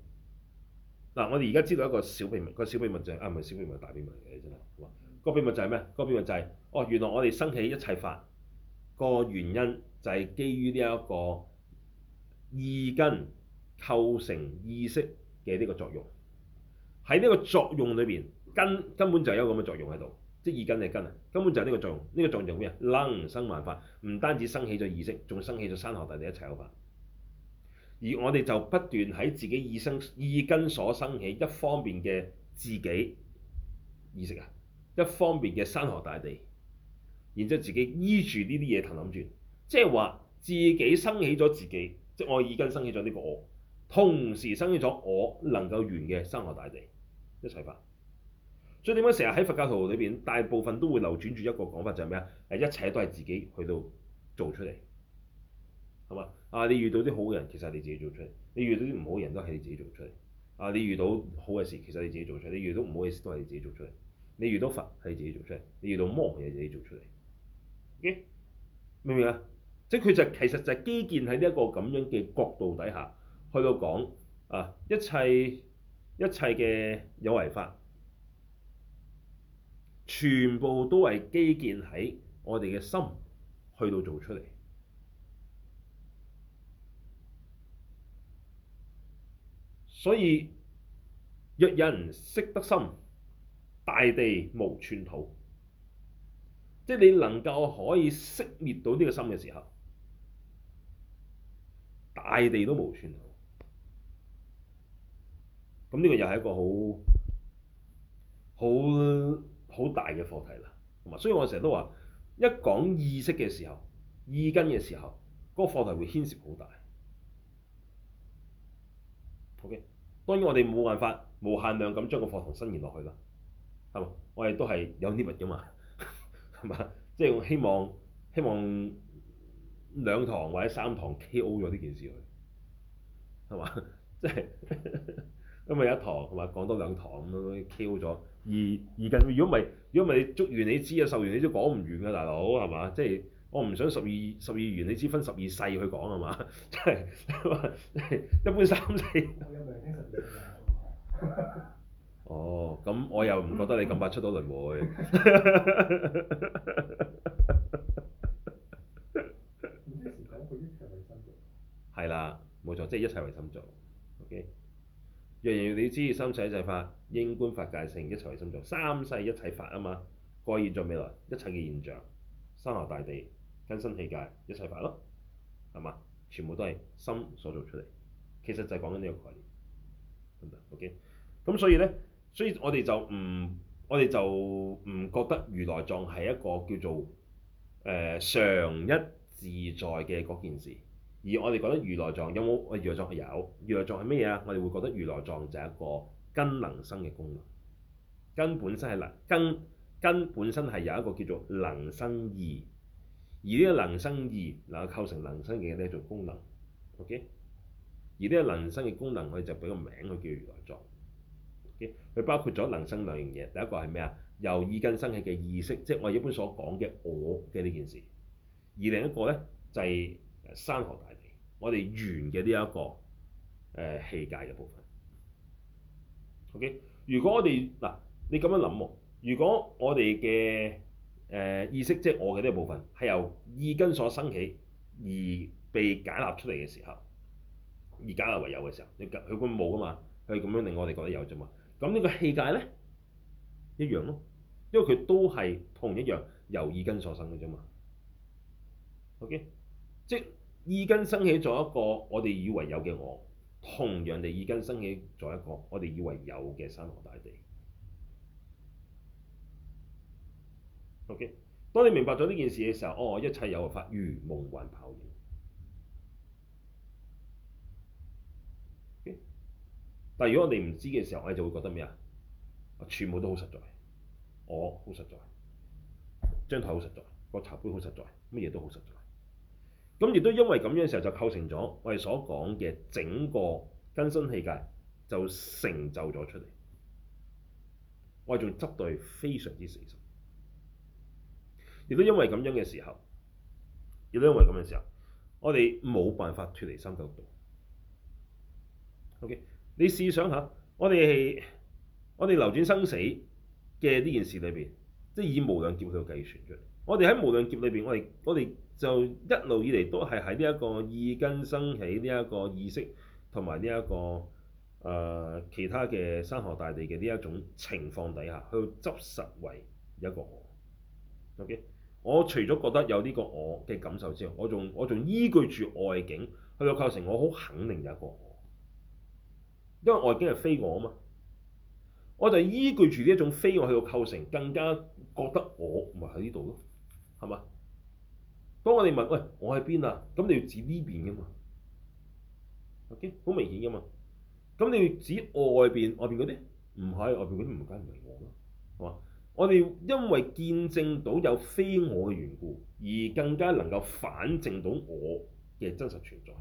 Speaker 1: 嗱，我哋而家知道一個小秘密，個小秘密就係、是、啊，唔係小秘密，大秘密嚟嘅真係。哇、那！個秘密就係咩？個秘密就係、是、哦，原來我哋生起一切法。個原因就係基於呢一個意根構成意識嘅呢個，個作用，喺、這、呢個作用裏邊根根本就係有咁嘅作用喺度，即係意根係根啊，根本就係呢個作用，呢個作用仲咩啊？能生萬法，唔單止生起咗意識，仲生起咗山河大地一切有法，而我哋就不斷喺自己意生意根所生起一方面嘅自己意識啊，一方面嘅山河大地。然之後自己依住呢啲嘢騰諗住，即係話自己生起咗自己，即我意根生起咗呢個我，同時生起咗我能夠完嘅生我大地一齊法。所以點解成日喺佛教徒裏邊大部分都會流轉住一個講法，就係咩啊？一切都係自己去到做出嚟，係嘛？啊，你遇到啲好嘅人，其實你自己做出嚟；你遇到啲唔好嘅人都係你自己做出嚟。啊，你遇到好嘅事，其實你自己做出嚟；你遇到唔好嘅事都係你自己做出嚟。你遇到佛係自己做出嚟，你遇到魔係自己做出嚟。明唔明啊？即係佢就是、其實就係基建喺呢一個咁樣嘅角度底下去到講啊，一切一切嘅有為法，全部都係基建喺我哋嘅心去到做出嚟。所以，若有人識得心，大地無寸土。即係你能夠可以熄滅到呢個心嘅時候，大地都無損。咁呢個又係一個好好好大嘅課題啦。同埋，所以我成日都話，一講意識嘅時候、意根嘅時候，嗰、那個課題會牽涉好大。OK，當然我哋冇辦法無限量咁將個課堂伸延落去啦。係嘛？我哋都係有 limit 嘅嘛。即係我希望，希望兩堂或者三堂 KO 咗呢件事佢，係嘛？即係因為一堂同埋講多兩堂咁樣 KO 咗。而而近，如果唔係，如果唔係你捉完你知啊，受完你都講唔完嘅，大佬，係嘛？即係我唔想十二十二完你知分十二世去講，係嘛？即係、即係、一般三四。 哦，咁我又唔覺得你咁快出到輪迴。係 啦， 冇錯，即係一切為心造。OK。若然你知心體就係法，應觀法界性，一切為心造。三世一切法啊嘛，過去現在未來，一切嘅現象，山河大地、根身器界，一切法咯，係嘛？全部都係心所做出嚟，其實就係講緊呢個概念，OK。咁所以咧。所以我哋就唔，我哋就唔覺得如來藏係一個叫做誒常、呃、一自在嘅嗰件事，而我哋覺得如來藏有冇？如來藏係有，如來藏係乜嘢啊？我哋會覺得如來藏就係一個根能生嘅功能，根本身係能根，根本身係有一個叫做能生義，而呢個能生義能夠構成能生嘅一種功能，OK？而呢個能生嘅功能我哋就俾個名佢叫如來藏。佢包括咗能生兩樣嘢，第一個係咩啊？由意根生起嘅意識，即係我一般所講嘅我嘅呢件事。而另一個咧就係山河大地，我哋圓嘅呢一個誒器界嘅部分。OK，如果我哋嗱，你咁樣諗喎，如果我哋嘅誒意識，即係我嘅呢一部分，係由意根所生起而被假立出嚟嘅時候，而假立為有嘅時候，佢佢根本冇噶嘛，佢咁樣令我哋覺得有啫嘛。咁呢個器界咧一樣咯，因為佢都係同一樣由意根所生嘅啫嘛。OK，即係意根生起咗一個我哋以為有嘅我，同樣地意根生起咗一個我哋以為有嘅山河大地。OK，當你明白咗呢件事嘅時候，哦，一切有為法，如夢幻泡影。但係，如果我哋唔知嘅時候，我哋就會覺得咩啊？全部都好實在，我好實在，張台好實在，個茶杯好實在，乜嘢都好實在。咁亦都因為咁樣嘅時候，就構成咗我哋所講嘅整個根身器界，就成就咗出嚟。我哋仲執到係非常之死心。亦都因為咁樣嘅時候，亦都因為咁嘅時候，我哋冇辦法脫離三九度。OK。你試想下，我哋係我哋流轉生死嘅呢件事裏邊，即係以無量劫去到計算出嚟。我哋喺無量劫裏邊，我哋我哋就一路以嚟都係喺呢一個意根生起呢一個意識同埋呢一個誒、呃、其他嘅山河大地嘅呢一種情況底下，去執實為一個我。O.K. 我除咗覺得有呢個我嘅感受之外，我仲我仲依據住外境去到構成我好肯定有一個。因為外境係非我啊嘛，我就依據住呢一種非我去到構成，更加覺得我唔係喺呢度咯，係嘛？當我哋問，喂，我喺邊啊？咁你要指呢邊嘅嘛？OK，好明顯嘅嘛。咁、okay? 你要指外邊外邊嗰啲？唔係外邊嗰啲，唔梗唔係我咯，係嘛？我哋因為見證到有非我嘅緣故，而更加能夠反證到我嘅真實存在。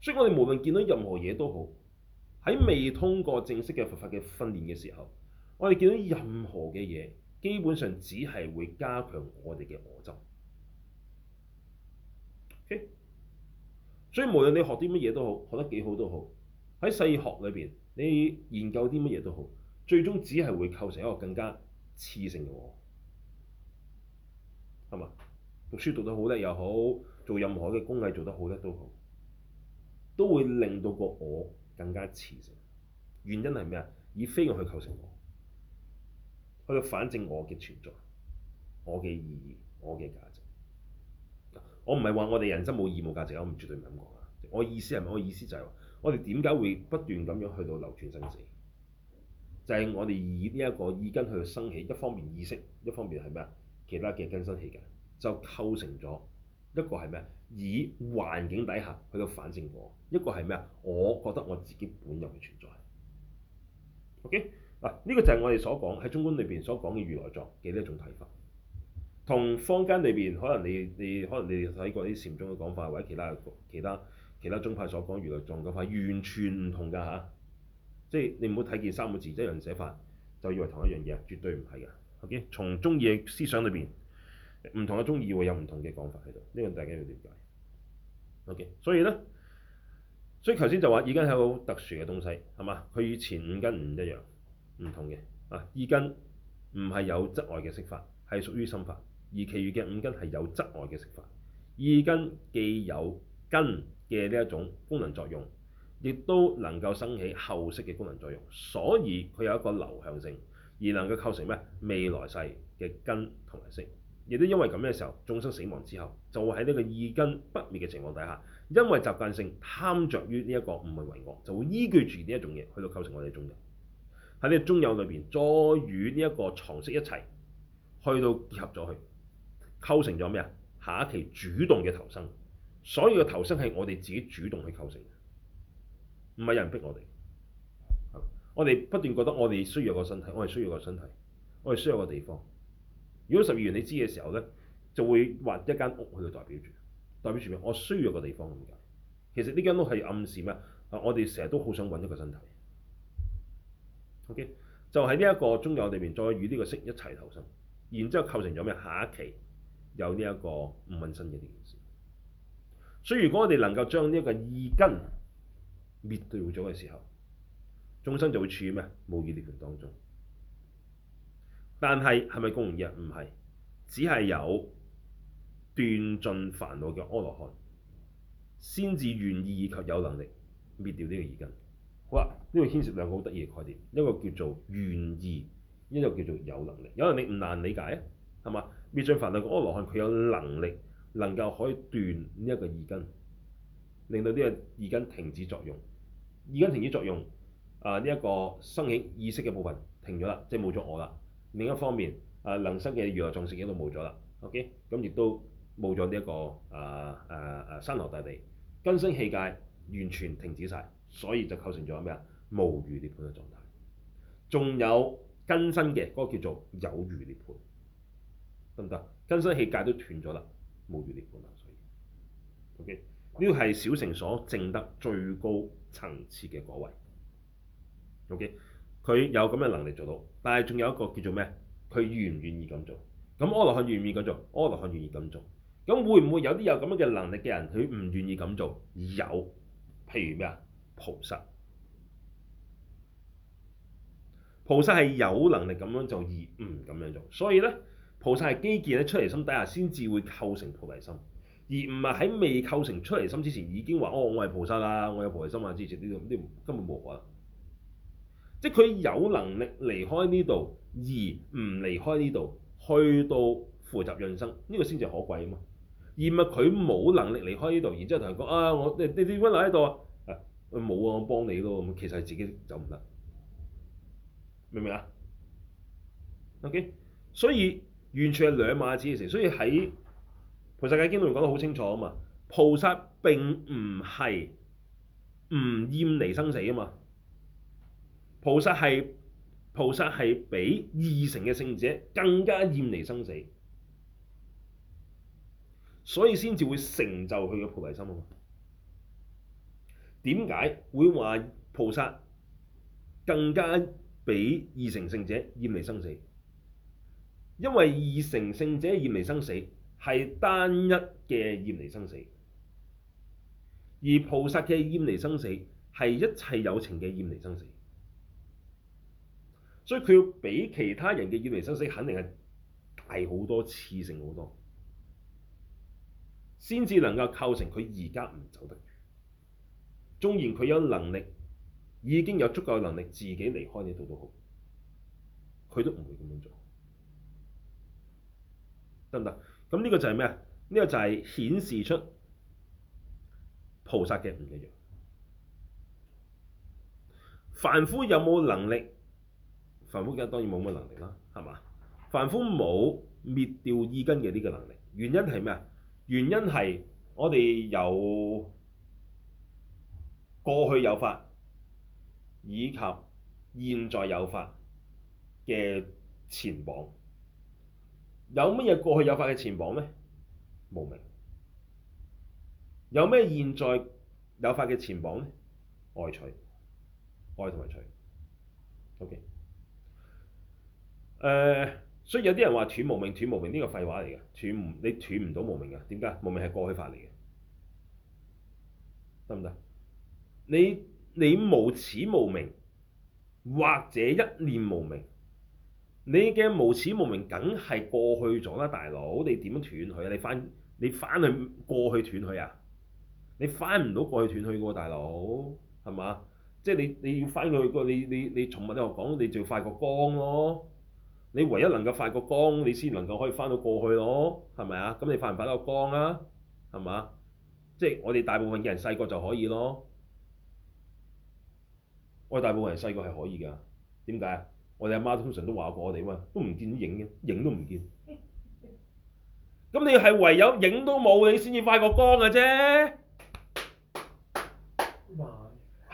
Speaker 1: 所以我哋無論見到任何嘢都好。喺未通過正式嘅佛法嘅訓練嘅時候，我哋見到任何嘅嘢，基本上只係會加強我哋嘅我執。Okay? 所以無論你學啲乜嘢都好，學得幾好都好，喺世學裏邊你研究啲乜嘢都好，最終只係會構成一個更加次性嘅我，係咪？讀書讀得好叻又好，做任何嘅工藝做得好叻都好，都會令到個我，更加恥性，原因係咩啊？以非我去構成我，去到反證我嘅存在，我嘅意義，我嘅價值。我唔係話我哋人生冇意義冇價值，我唔絕對唔咁講啊！我意思係咩？我意思就係話，我哋點解會不斷咁樣去到流轉生死？就係我哋以呢一個意根去生起，一方面意識，一方面係咩啊？其他嘅根生起嘅，就構成咗。一個係咩？以環境底下去到反證我。一個係咩啊？我覺得我自己本有嘅存在。OK，嗱，呢個就係我哋所講喺中觀裏邊所講嘅如來藏嘅呢一種睇法，同坊間裏邊可能你，你可能你哋睇過啲禪宗嘅講法，或者其他其他其他宗派所講如來藏嘅講法完全唔同㗎嚇。即係你唔好睇見三個字一樣寫法，就以為同一樣嘢，絕對唔係㗎。OK，從中意嘅思想裏邊。唔同嘅中意會有唔同嘅講法喺度，呢個大家要了解。OK，所以呢，所以頭先就話，意根係個好特殊嘅東西，係嘛？佢與前五根唔一樣，唔同嘅啊。意根唔係有質礙嘅色法，係屬於心法，而其餘嘅五根係有質礙嘅色法。意根既有根嘅呢一種功能作用，亦都能夠生起後識嘅功能作用，所以佢有一個流向性，而能夠構成咩未來世嘅根同埋識。亦都因為咁嘅時候，眾生死亡之後，就會喺呢個意根不滅嘅情況底下，因為習慣性貪着於呢一個五蘊為我，就會依據住呢一種嘢去到構成我哋嘅中有。喺呢個中有裏邊，再與呢一個藏識一齊，去到結合咗去，構成咗咩啊？下一期主動嘅投生。所以嘅投生係我哋自己主動去構成，唔係有人逼我哋。我哋不斷覺得我哋需要個身體，我哋需要個身體，我哋需要個地方。如果十二緣你知嘅時候咧，就會畫一間屋去代表住，代表住咩？我需要一個地方咁解。其實呢間屋係暗示咩？我哋成日都好想揾一個身體。OK，就喺呢一個中有裏邊，再與呢個識一齊投生，然之後構成咗咩？下一期有呢一個五蘊身嘅一件事。所以如果我哋能夠將呢一個意根滅掉咗嘅時候，眾生就會處於咩？無餘涅槃當中。但係係咪供完嘢？唔係，只係有斷盡煩惱嘅阿羅漢，先至願意以及有能力滅掉呢個意根。好啊，呢個牽涉兩個好得意嘅概念，一個叫做願意，一個叫做有能力。有能力唔難理解啊，係嘛？滅盡煩惱嘅阿羅漢，佢有能力能夠可以斷呢一個意根，令到呢個意根停止作用。意根停止作用，啊呢一個生起意識嘅部分停咗啦，即係冇咗我啦。另一方面，OK? 這個、啊，能生嘅宇宙狀態已經都冇咗啦，OK，咁亦都冇咗呢一個啊啊啊山河大地，根身器界完全停止晒，所以就構成咗咩啊？無餘涅槃嘅狀態，仲有根身嘅嗰個叫做有餘涅槃，得唔得？根身器界都斷咗啦，無餘涅槃啦，所以，OK，呢個係小乘所證得最高層次嘅果位，OK。佢有咁嘅能力做到，但係仲有一個叫做咩？佢願唔願意咁做？咁阿羅漢願唔願意咁做？阿羅漢願意咁做。咁會唔會有啲有咁樣嘅能力嘅人，佢唔願意咁做？有，譬如咩啊？菩薩，菩薩係有能力咁樣做，而唔咁樣做。所以咧，菩薩係基建喺出嚟心底下先至會構成菩提心，而唔係喺未構成出嚟心之前已經話：哦，我係菩薩啦、啊，我有菩提心啊，知唔知呢啲呢啲根本冇啊！即係佢有能力離開呢度，而唔離開呢度，去到負責潤生，呢、這個先至可貴啊嘛。而唔係佢冇能力離開呢度，然之後同人講啊，我你你點解留喺度啊？冇啊、哎，我幫你咯。咁其實自己走唔得，明唔明啊？OK，所以完全係兩碼子嘅事。所以喺《菩薩戒經》裡面講得好清楚啊嘛，菩薩並唔係唔厭離生死啊嘛。菩薩係，菩薩係比二成嘅聖者更加厭離生死，所以先至會成就佢嘅菩提心啊嘛，點解會話菩薩更加比二成聖者厭離生死？因為二成聖者厭離生死係單一嘅厭離生死，而菩薩嘅厭離生死係一切有情嘅厭離生死。所以佢要比其他人嘅意味生死，肯定係大好多次性好多，先至能夠構成佢而家唔走得。縱然佢有能力，已經有足夠能力自己離開呢度都好，佢都唔會咁樣做，得唔得？咁呢個就係咩啊？呢個就係顯示出菩薩嘅唔一樣，凡夫有冇能力？凡夫一當然冇乜能力啦，係嘛？凡夫冇滅掉意根嘅呢個能力，原因係咩啊？原因係我哋有過去有法，以及現在有法嘅前綱，有乜嘢過去有法嘅前綱呢？無明。有咩現在有法嘅前綱呢？愛取，愛同埋取。O.K. 誒、呃，所以有啲人話斷無明，斷無明呢個廢話嚟嘅，斷唔你斷唔到無明嘅，點解無明係過去法嚟嘅？得唔得？你你無始無明，或者一念無明，你嘅無始無明梗係過去咗啦，大佬，你點樣斷佢啊？你翻你翻去過去斷佢啊？你翻唔到過去斷佢嘅，大佬，係嘛？即、就、係、是、你你要翻去個你你你從物理學講，你就要快過光咯。你唯一能夠發個光，你先能夠可以翻到過去咯，係咪啊？咁你發唔發得個光啊？係嘛？即係我哋大部分嘅人細個就可以咯。我哋大部分人細個係可以㗎。點解？我哋阿媽，媽通常都話過我哋嘛，都唔見影，影都唔見。咁你係唯有影都冇，你先至發個光嘅啫。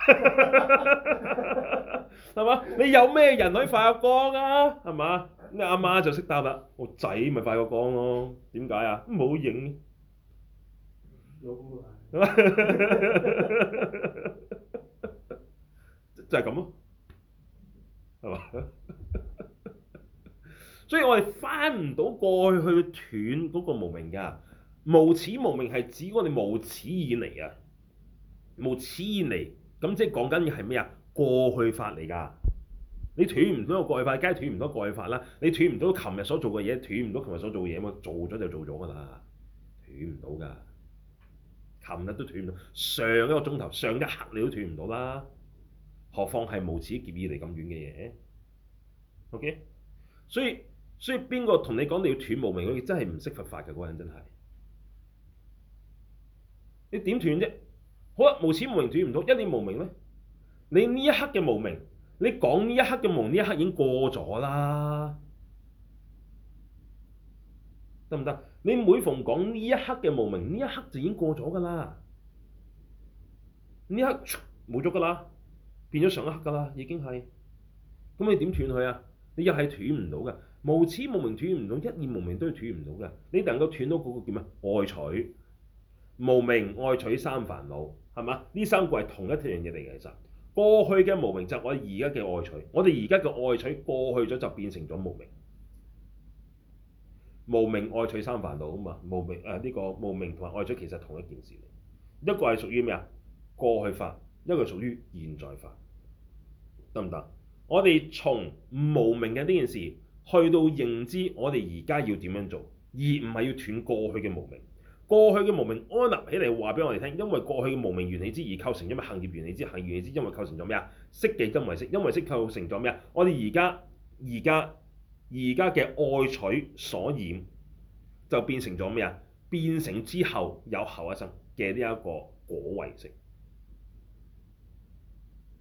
Speaker 1: 係嘛？你有咩人可以發個光啊？係嘛？你阿媽就識擔得，我仔咪發個光咯？點解啊？唔好影。
Speaker 2: 就
Speaker 1: 係咁咯。係嘛？ 所以我哋翻唔到過去去斷嗰個無明㗎。無始無明係指我哋無始以嚟啊！無始以嚟，咁即係講緊係咩啊？過去法嚟噶，你斷唔到個過去法，梗係斷唔到過去法啦。你斷唔到琴日所做嘅嘢，斷唔到琴日所做嘅嘢，我做咗就做咗噶啦，斷唔到噶。琴日都斷唔到，上一個鐘頭、上一刻你都斷唔到啦，何況係無始劫以嚟咁遠嘅嘢？OK，所以所以邊個同你講你要斷無明，佢真係唔識佛法嘅個人真係。你點斷啫？好啊，無始無明斷唔到，一念無明咧。你呢一刻嘅無明，你講呢一刻嘅無明，呢一刻已經過咗啦，得唔得？你每逢講呢一刻嘅無明，呢一刻就已經過咗噶啦，呢一刻冇咗噶啦，變咗上一刻噶啦，已經係，咁你點斷佢啊？你又係斷唔到嘅，無始無明斷唔到，一念無明都係斷唔到嘅，你能夠斷到嗰個叫咩？愛取，無明愛取三煩惱，係嘛？呢三個係同一樣嘢嚟嘅，其實。過去嘅無名就我而家嘅外取，我哋而家嘅外取過去咗就變成咗無名。無名外取三煩惱啊嘛，無名，誒、啊、呢、這個無名同埋外取其實同一件事嚟，一個係屬於咩啊？過去法，一個係屬於現在法，得唔得？我哋從無名嘅呢件事去到認知我哋而家要點樣做，而唔係要斷過去嘅無名。過去嘅無明安立起嚟話俾我哋聽，因為過去嘅無明原理之而構成咗咩？行業原理之行業原理之，因為構成咗咩啊？識嘅因位識，因為識構成咗咩啊？我哋而家而家而家嘅愛取所染，就變成咗咩啊？變成之後有後一生嘅呢一個果位識。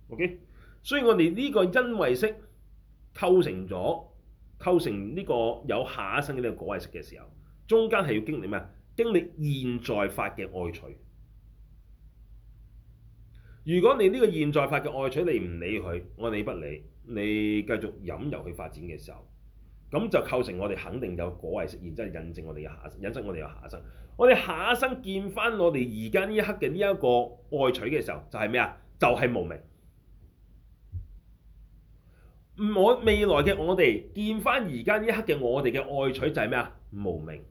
Speaker 1: OK，所以我哋呢個因位識構成咗構成呢個有下一生嘅呢個果位識嘅時候，中間係要經歷咩啊？經歷現在法嘅愛取，如果你呢個現在法嘅愛取你唔理佢，我理不理，你繼續引油去發展嘅時候，咁就構成我哋肯定有果位實現，即係引證我哋嘅下生，引證我哋嘅下生。我哋下生見翻我哋而家呢一刻嘅呢一個愛取嘅時候，就係咩啊？就係、是、無明。我未來嘅我哋見翻而家呢一刻嘅我哋嘅愛取就係咩啊？無明。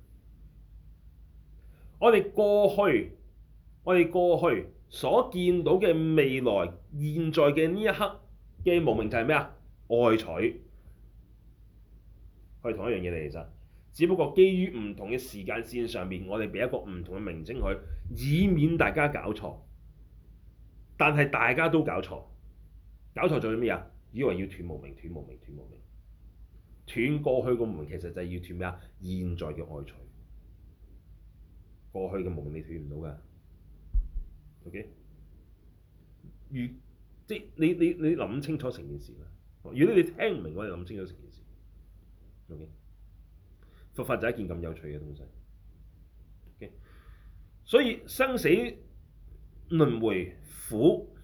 Speaker 1: 我哋過去，我哋過去所見到嘅未來、現在嘅呢一刻嘅無明就係咩啊？愛取係同一樣嘢嚟，其實，只不過基於唔同嘅時間線上面，我哋俾一個唔同嘅名稱佢，以免大家搞錯。但係大家都搞錯，搞錯咗啲咩啊？以為要斷無明，斷無明，斷無明，斷過去嘅無明，其實就係要斷咩啊？現在嘅愛取。過去嘅無明你斷唔到㗎，OK？如即你你你諗清楚成件事啦，如果你聽唔明我哋諗清楚成件事，OK？佛法就係一件咁有趣嘅東西，OK？所以生死、輪迴、苦，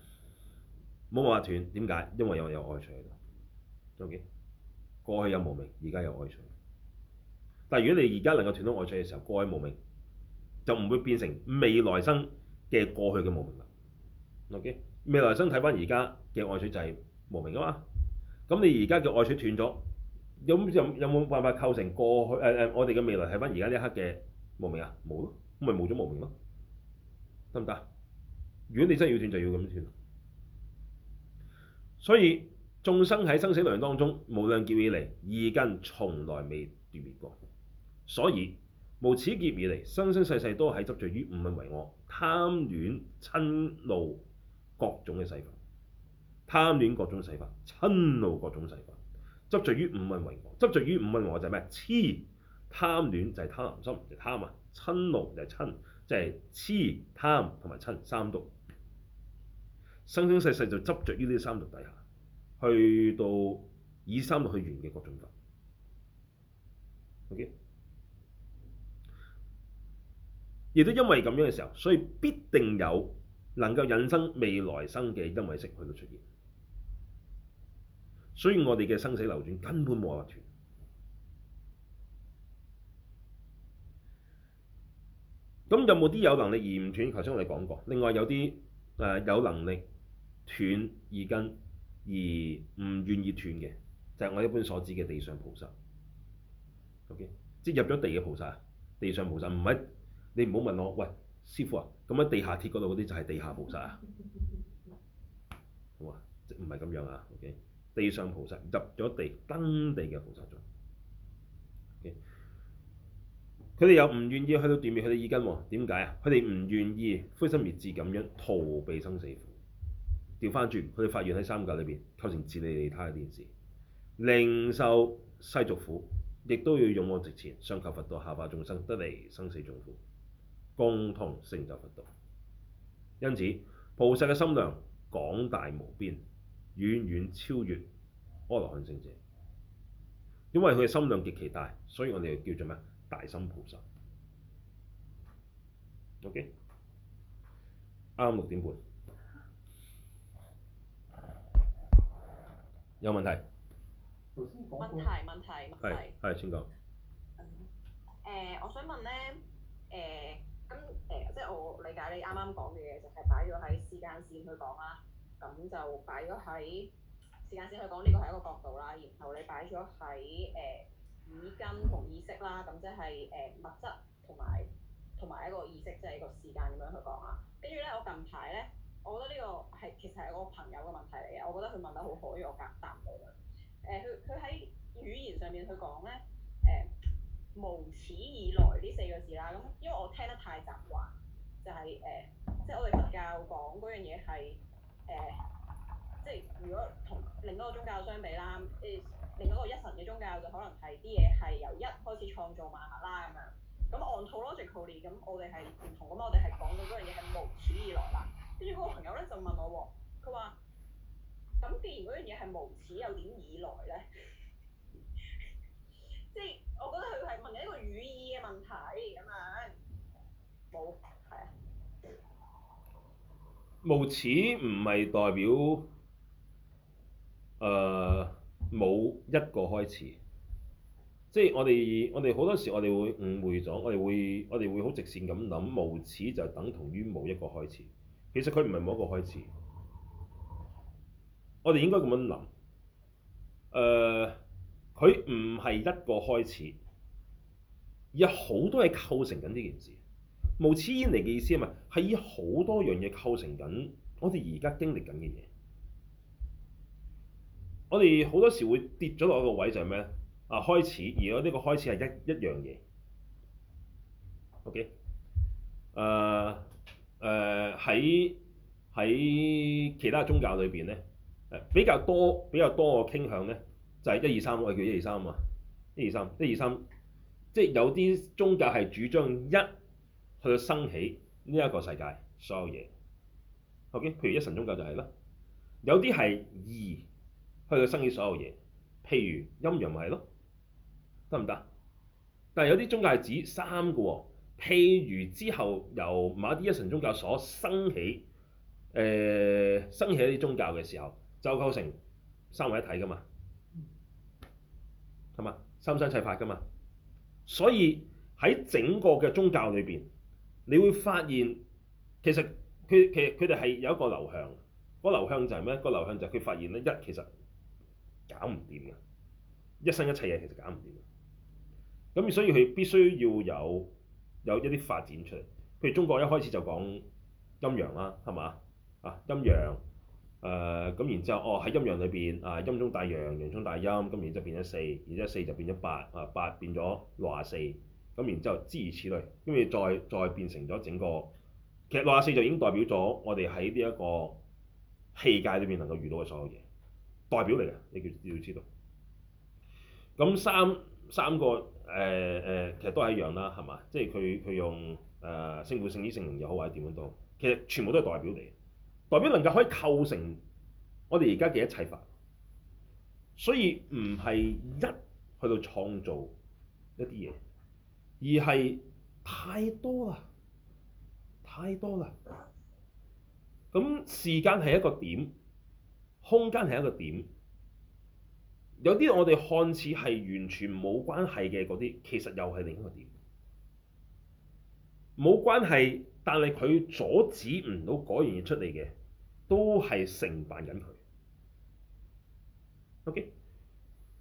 Speaker 1: 冇話斷。點解？因為有有愛取。OK？過去有無明，而家有愛取。但係如果你而家能夠斷到愛取嘅時候，過去無明，就唔會變成未來生嘅過去嘅無明啦。O.K. 未來生睇翻而家嘅愛取就係無明噶嘛。咁你而家嘅愛取斷咗，有冇有冇辦法構成過去？誒、呃、誒、呃，我哋嘅未來睇翻而家呢一刻嘅無明啊，冇咯，咁咪冇咗無明咯，得唔得？如果你真係要斷，就要咁斷。所以眾生喺生死輪當中，無量劫以來，意根從來未斷滅過，所以。無始劫以嚟，生生世世都係執着於五蘊為我，貪戀、嗔惡各種嘅世法，貪戀各種世法，嗔惡各種世法，執着於五蘊為我，執着於五蘊為我就係咩？痴貪戀就係貪心，就係、是、貪啊！嗔惡就係嗔，即、就、係、是、痴貪同埋嗔三毒，生生世世就執着於呢三毒底下，去到以三毒去完嘅各種法。OK。亦都因為咁樣嘅時候，所以必定有能夠引生未來生嘅因位識去到出現。所以我哋嘅生死流轉根本冇法斷。咁有冇啲有，有能力而唔斷？頭先我哋講過。另外有啲誒有能力斷而根而唔願意斷嘅，就係、是、我一般所指嘅地上菩薩。OK，即入咗地嘅菩薩，地上菩薩唔係。你唔好問我，喂，師傅啊，咁喺地下鐵嗰度嗰啲就係地下菩薩啊， 好啊，唔係咁樣啊，OK，地上菩薩入咗地，登地嘅菩薩中，OK，佢哋又唔願意去到斷滅去到意根喎，點解啊？佢哋唔願意灰身泯智咁樣逃避生死苦，調翻轉，佢哋發願喺三界裏邊構成自利利，利他嘅一件事，寧受些世俗苦，亦都要勇往直前，上求佛道，下化眾生，得離生死眾苦。共同成就佛道，因此菩薩嘅心量廣大無邊，遠遠超越阿羅漢聖者。因為佢嘅心量極其大，所以我哋叫做咩？大心菩薩。OK，啱六點半，有問題？
Speaker 2: 問題問題問題，係係，請講。我想問呢。呃誒、呃，即係我理解你啱啱講嘅嘢，就係擺咗喺時間線去講啦。咁就擺咗喺時間線去講，呢、這個係一個角度啦。然後你擺咗喺誒意根同意識啦，咁即係誒物質同埋同埋一個意識，即係一個時間咁樣去講啊。跟住咧，我近排咧，我覺得呢個係其實係我朋友嘅問題嚟嘅。我覺得佢問得好好，因為我答答唔到佢。誒、呃，佢佢喺語言上面去講咧，誒、呃。無始以來呢四個字啦，咁因為我聽得太習慣，就係、是、誒、呃，即係我哋佛教講嗰樣嘢係誒，即係如果同另一個宗教相比啦，誒、呃、另一個一神嘅宗教就可能係啲嘢係由一開始創造萬物啦咁樣，咁、嗯、ontologically 咁我哋係唔同噶嘛，我哋係講到嗰樣嘢係無始以來啦。跟住嗰個朋友咧就問我喎，佢話：咁既然嗰樣嘢係無始，有點以來咧？即
Speaker 1: 係我覺得佢係問一個語意嘅問題咁樣，冇，係啊、呃。無始唔係代表誒冇一個開始，即係我哋我哋好多時我哋會誤會咗，我哋會我哋會好直線咁諗無始就等同於冇一個開始，其實佢唔係冇一個開始，我哋應該咁樣諗誒。呃佢唔係一個開始，而有好多嘢構成緊呢件事。無始以嚟嘅意思係咪？係以好多樣嘢構成緊，我哋而家經歷緊嘅嘢。我哋好多時會跌咗落個位就係咩咧？啊，開始而我呢個開始係一一樣嘢。OK，誒誒喺喺其他宗教裏邊咧，誒比較多比較多嘅傾向咧。就係一二三，我叫一二三啊！一二三，一二三，即係有啲宗教係主張一去到生起呢一個世界所有嘢，OK？譬如一神宗教就係啦。有啲係二去到生起所有嘢，譬如陰陽係咯，得唔得？但係有啲宗教係指三個喎，譬如之後由某一啲一神宗教所生起，誒、呃、生起一啲宗教嘅時候就構成三位一體㗎嘛。係嘛，三生七發噶嘛，所以喺整個嘅宗教裏邊，你會發現其實佢其實佢哋係有一個流向，個流向就係咩？個流向就係佢發現呢一其實搞唔掂嘅，一生一切嘢其實搞唔掂。咁所以佢必須要有有一啲發展出嚟，譬如中國一開始就講陰陽啦，係嘛，啊陰陽。陰陽誒咁、呃，然之後陽裏，哦喺陰陽裏邊，啊陰中帶陽，陽中帶陰，咁然之後變咗四，然之後四就變咗八，啊八變咗六十四，咁然後之後諸如此類，跟住再再變成咗整個，其實六十四就已經代表咗我哋喺呢一個器界裏邊能夠遇到嘅所有嘢，代表嚟嘅，你叫要知道。咁三三個誒誒、呃呃，其實都係一樣啦，係嘛？即係佢佢用誒星符、聖、呃、旨、聖靈又好，或者點樣都好，其實全部都係代表嚟。代表能夠可以構成我哋而家嘅一切法，所以唔係一去到創造一啲嘢，而係太多啦，太多啦。咁時間係一個點，空間係一個點，有啲我哋看似係完全冇關係嘅嗰啲，其實又係另一個點。冇關係，但係佢阻止唔到嗰樣嘢出嚟嘅。都係承辦緊佢，OK，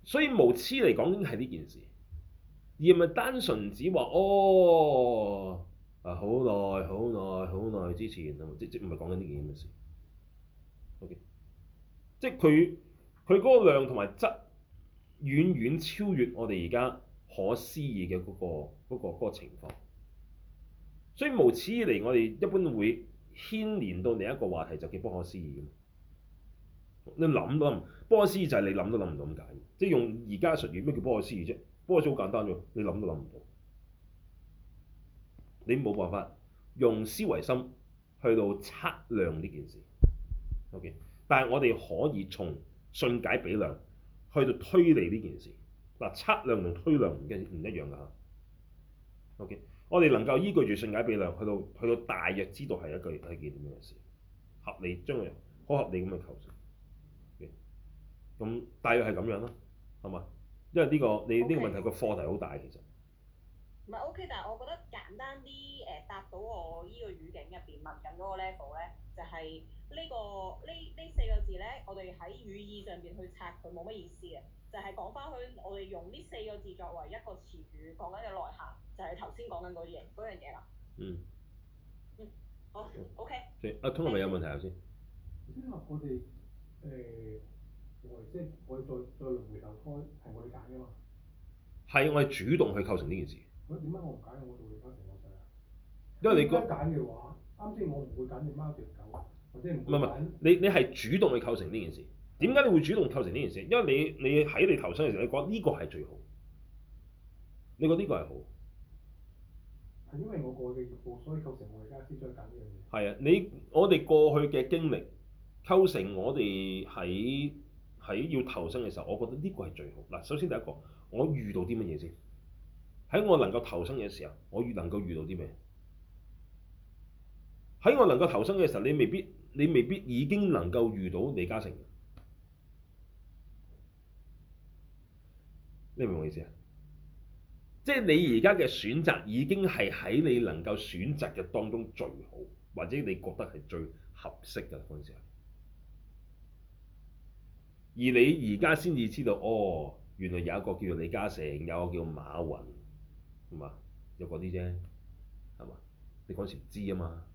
Speaker 1: 所以無始嚟講，應係呢件事，而唔係單純只話哦，啊好耐好耐好耐之前，即即唔係講緊呢件嘅事，OK，即佢佢嗰個量同埋質，遠遠超越我哋而家可思議嘅嗰個嗰個嗰個情況，所以無始以嚟，我哋一般會。牽連到另一個話題，就叫不可思議咁。你諗都唔不可思議，就係你諗都諗唔到咁解。即係用而家術語，咩叫不可思議啫？不可思議好簡單啫，你諗都諗唔到。你冇辦法用思維心去到測量呢件事。O.K.，但係我哋可以從信解比量去到推理呢件事。嗱，測量同推量唔一唔一樣㗎嚇。O.K. 我哋能夠依據住性解比量去到去到大約知道係一個係件點樣嘅事，合理將佢好合理咁嚟求成。咁、Okay. 大約係咁樣咯，係嘛？因為呢、這個你呢 Okay. 個問題個課題好大其實。
Speaker 2: 唔係 OK，但係我覺得簡單啲誒，答到我依個語境入邊問緊嗰個 level 咧、呢個，就係呢個呢呢四個字咧，我哋喺語意上邊去拆佢冇乜意思嘅。
Speaker 1: 就
Speaker 2: 係講翻去，我哋用呢四
Speaker 1: 個字作為一個詞語講
Speaker 2: 緊嘅內涵，就係頭先講緊嗰樣嘢
Speaker 1: 啦。嗯。嗯。好 Okay.、嗯。O K。阿通係咪有問題先？頭
Speaker 2: 先話我哋誒，即係我哋再再輪回投胎，係我哋揀噶嘛？係，我哋主動去
Speaker 1: 構成呢件事。
Speaker 2: 咁點解我唔揀？我做你家庭老細，因為你覺得揀嘅話，啱先我唔會揀你
Speaker 1: 媽條狗或者唔。唔係，你你係主動去構成呢件事。點解你會主動構成呢件事？因為你你喺你投生嘅時候，你覺得呢個係最好，你覺得呢個係好
Speaker 2: 係因為我過去嘅業報，所以構成
Speaker 1: 我而家必須揀呢樣嘢。係啊，你我哋過去嘅經歷構成我哋喺喺要投生嘅時候，我覺得呢個係最好嗱。首先第一個，我遇到啲乜嘢先喺我能夠投生嘅時候，我能夠遇到啲咩？喺我能夠投生嘅時候，你未必你未必已經能夠遇到李嘉誠。你明唔明我意思啊？即係你而家嘅選擇已經係喺你能夠選擇嘅當中最好，或者你覺得係最合適嘅嗰時。 而你而家先至知道，哦，原來有一個叫做李嘉誠，有一個叫馬雲，係嘛？有嗰啲啫，係 嘛樂？你嗰時唔知啊嘛？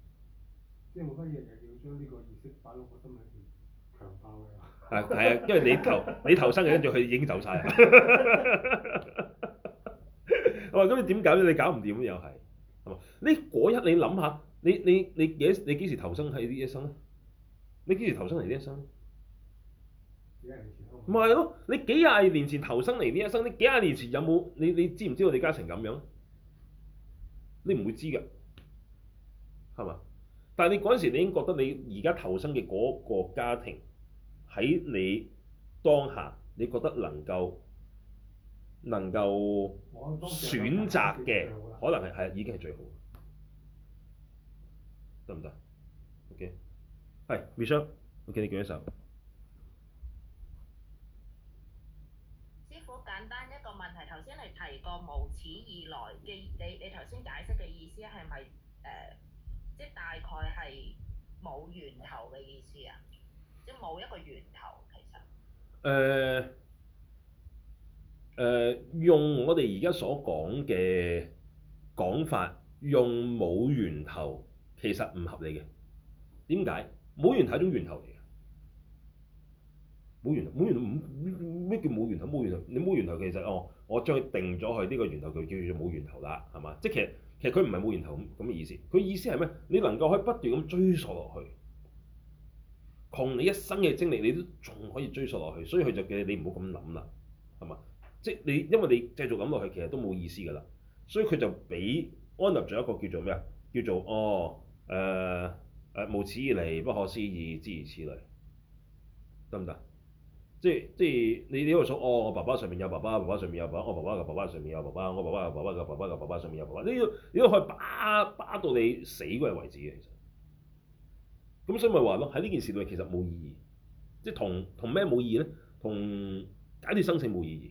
Speaker 1: 即係冇
Speaker 2: 乜嘢，日要將呢個意識擺到個心裏
Speaker 1: 係係啊，因為你投， 你，投你投生嘅，跟住佢已經走晒。我話咁你點搞啫？你搞唔掂又係，係嘛？你嗰一你諗下，你你你幾你幾時投生喺呢一生咧？ 你幾時投生嚟呢一生？唔係咯？你幾廿年前投生嚟呢一生？你幾廿年前有冇你你知唔知道李嘉誠咁樣？你唔會知㗎，係嘛？但係你嗰陣時你已經覺得你而家投生嘅嗰個家庭。喺你當下，你覺得能夠能夠選擇嘅，可能係係已經係最好，得唔得？OK，係，Michelle，OK，okay，你舉手。
Speaker 2: 師傅簡單一個問題，頭先你提過無始以來嘅，你你頭先解釋嘅意思係咪誒，即係大概係冇源頭嘅意思啊？
Speaker 1: 即冇一個源頭，其實誒誒，用我哋而家所講嘅講法，用冇源頭其實唔合理嘅。點解冇源頭係一種源頭嚟嘅？冇源頭，冇源頭，咩叫冇源頭？冇源頭，你冇源頭，其實哦，我將佢定咗去呢個源頭，佢叫做冇源頭啦，係嘛？即係其實其實佢唔係冇源頭咁咁嘅意思。佢意思係咩？你能夠可以不斷咁追索落去。窮你一生嘅精力，你都仲可以追溯落去，所以佢就叫你唔好咁諗啦，係嘛？即係你，因為你繼續諗落去，其實都冇意思㗎啦。所以佢就俾安立咗一個叫做咩啊？叫做哦誒誒、呃、無始而嚟，不可思議，諸如此類，得唔得？即係即係你呢喺度想哦，我爸爸上面有爸爸，爸爸上面有爸，爸，我爸爸嘅爸爸上面有爸爸，我爸爸嘅爸爸嘅爸爸嘅爸爸上面有爸爸，呢個呢個可以扒扒到你死嗰日為止嘅。咁所以咪話咯，喺呢件事度其實冇意義，即係同同咩冇意義咧？同解決生死冇意義，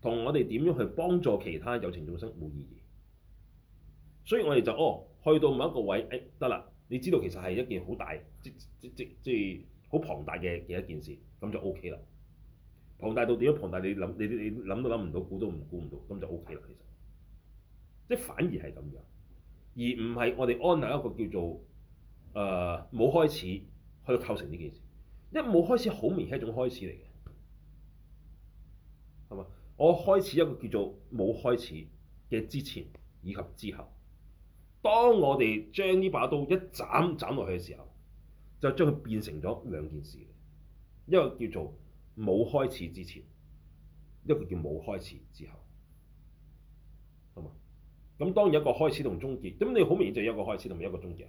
Speaker 1: 同我哋點樣去幫助其他有情眾生冇意義。所以我哋就哦，去到某一個位，誒得啦，你知道其實係一件好大，即即即即係好龐大嘅嘅一件事，咁就 O K 啦。龐大到點樣龐大？你諗你你諗都諗唔到，估都唔估唔到，咁就 O K 啦。其實，即係反而係咁樣，而唔係我哋安立一個叫做。誒冇、呃、開始去到構成呢件事，一冇開始好明顯係一種開始嚟嘅，係嘛？我開始一個叫做冇開始嘅之前以及之後，當我哋將呢把刀一斬斬落去嘅時候，就將佢變成咗兩件事，一個叫做冇開始之前，一個叫冇開始之後，係嘛？咁當然一個開始同終結，咁你好明顯就係一個開始同埋一個終結。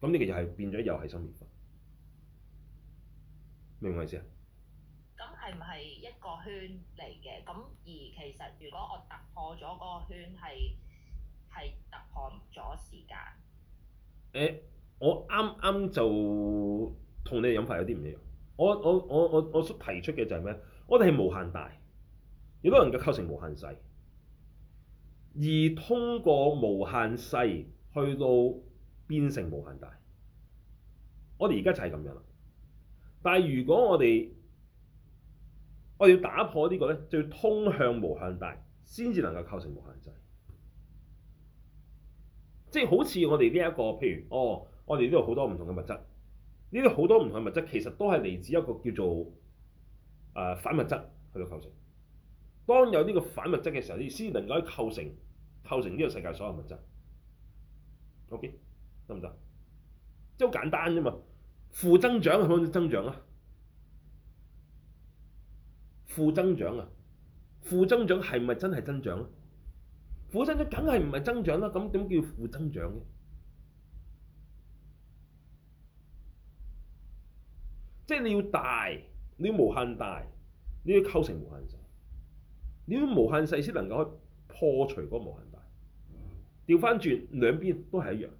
Speaker 1: 咁呢個又係變咗又係新，明唔明意思啊？
Speaker 2: 咁係唔係一個圈嚟嘅？咁而其實如果我突破咗嗰個圈，係係突破咗時間。
Speaker 1: 誒、欸，我啱啱就同你諗法有啲唔一樣。我我我我我所提出嘅就係咩？我哋係無限大，亦都能夠構成無限細，而通過無限細去到。變成無限大，我哋而家就係咁樣啦。但係如果我哋，我哋要打破呢、這個咧，就要通向無限大，先至能夠構成無限大。即、就、係、是、好似我哋呢一個，譬如哦，我哋呢度好多唔同嘅物質，呢啲好多唔同嘅物質其實都係嚟自一個叫做誒、呃、反物質去到構成。當有呢個反物質嘅時候，你先至能夠構成構成呢個世界所有物質。OK。得唔得？即好簡單啫嘛。負增長係咪增長啊？負增長啊？負增長係咪真係增長啊？負增長梗係唔係增長啦。咁點叫負增長嘅？即係你要大，你要無限大，你要構成無限細。你要無限細先能夠去破除嗰無限大。調翻轉兩邊都係一樣。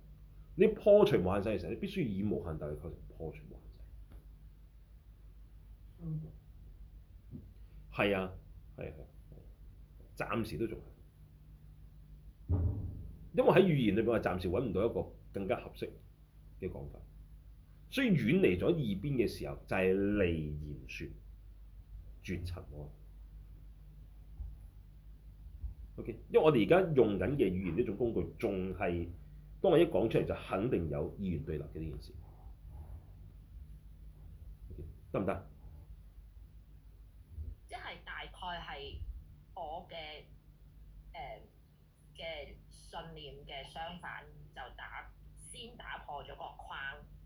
Speaker 1: 你破除無限世嘅時候，你必須以無限大嚟構成破除無限世。嗯。係啊，係啊，係啊，暫時都仲係，因為喺語言裏邊，我暫時揾唔到一個更加合適嘅講法，所以遠離咗二邊嘅時候就係、是、離言説絕塵喎。O、okay? K，因為我哋而家用緊嘅語言呢種工具仲係。當我一講出嚟就肯定有意願對立嘅呢件事，得唔得？
Speaker 2: 即係大概係我嘅誒嘅信念嘅相反，就打先打破咗個框，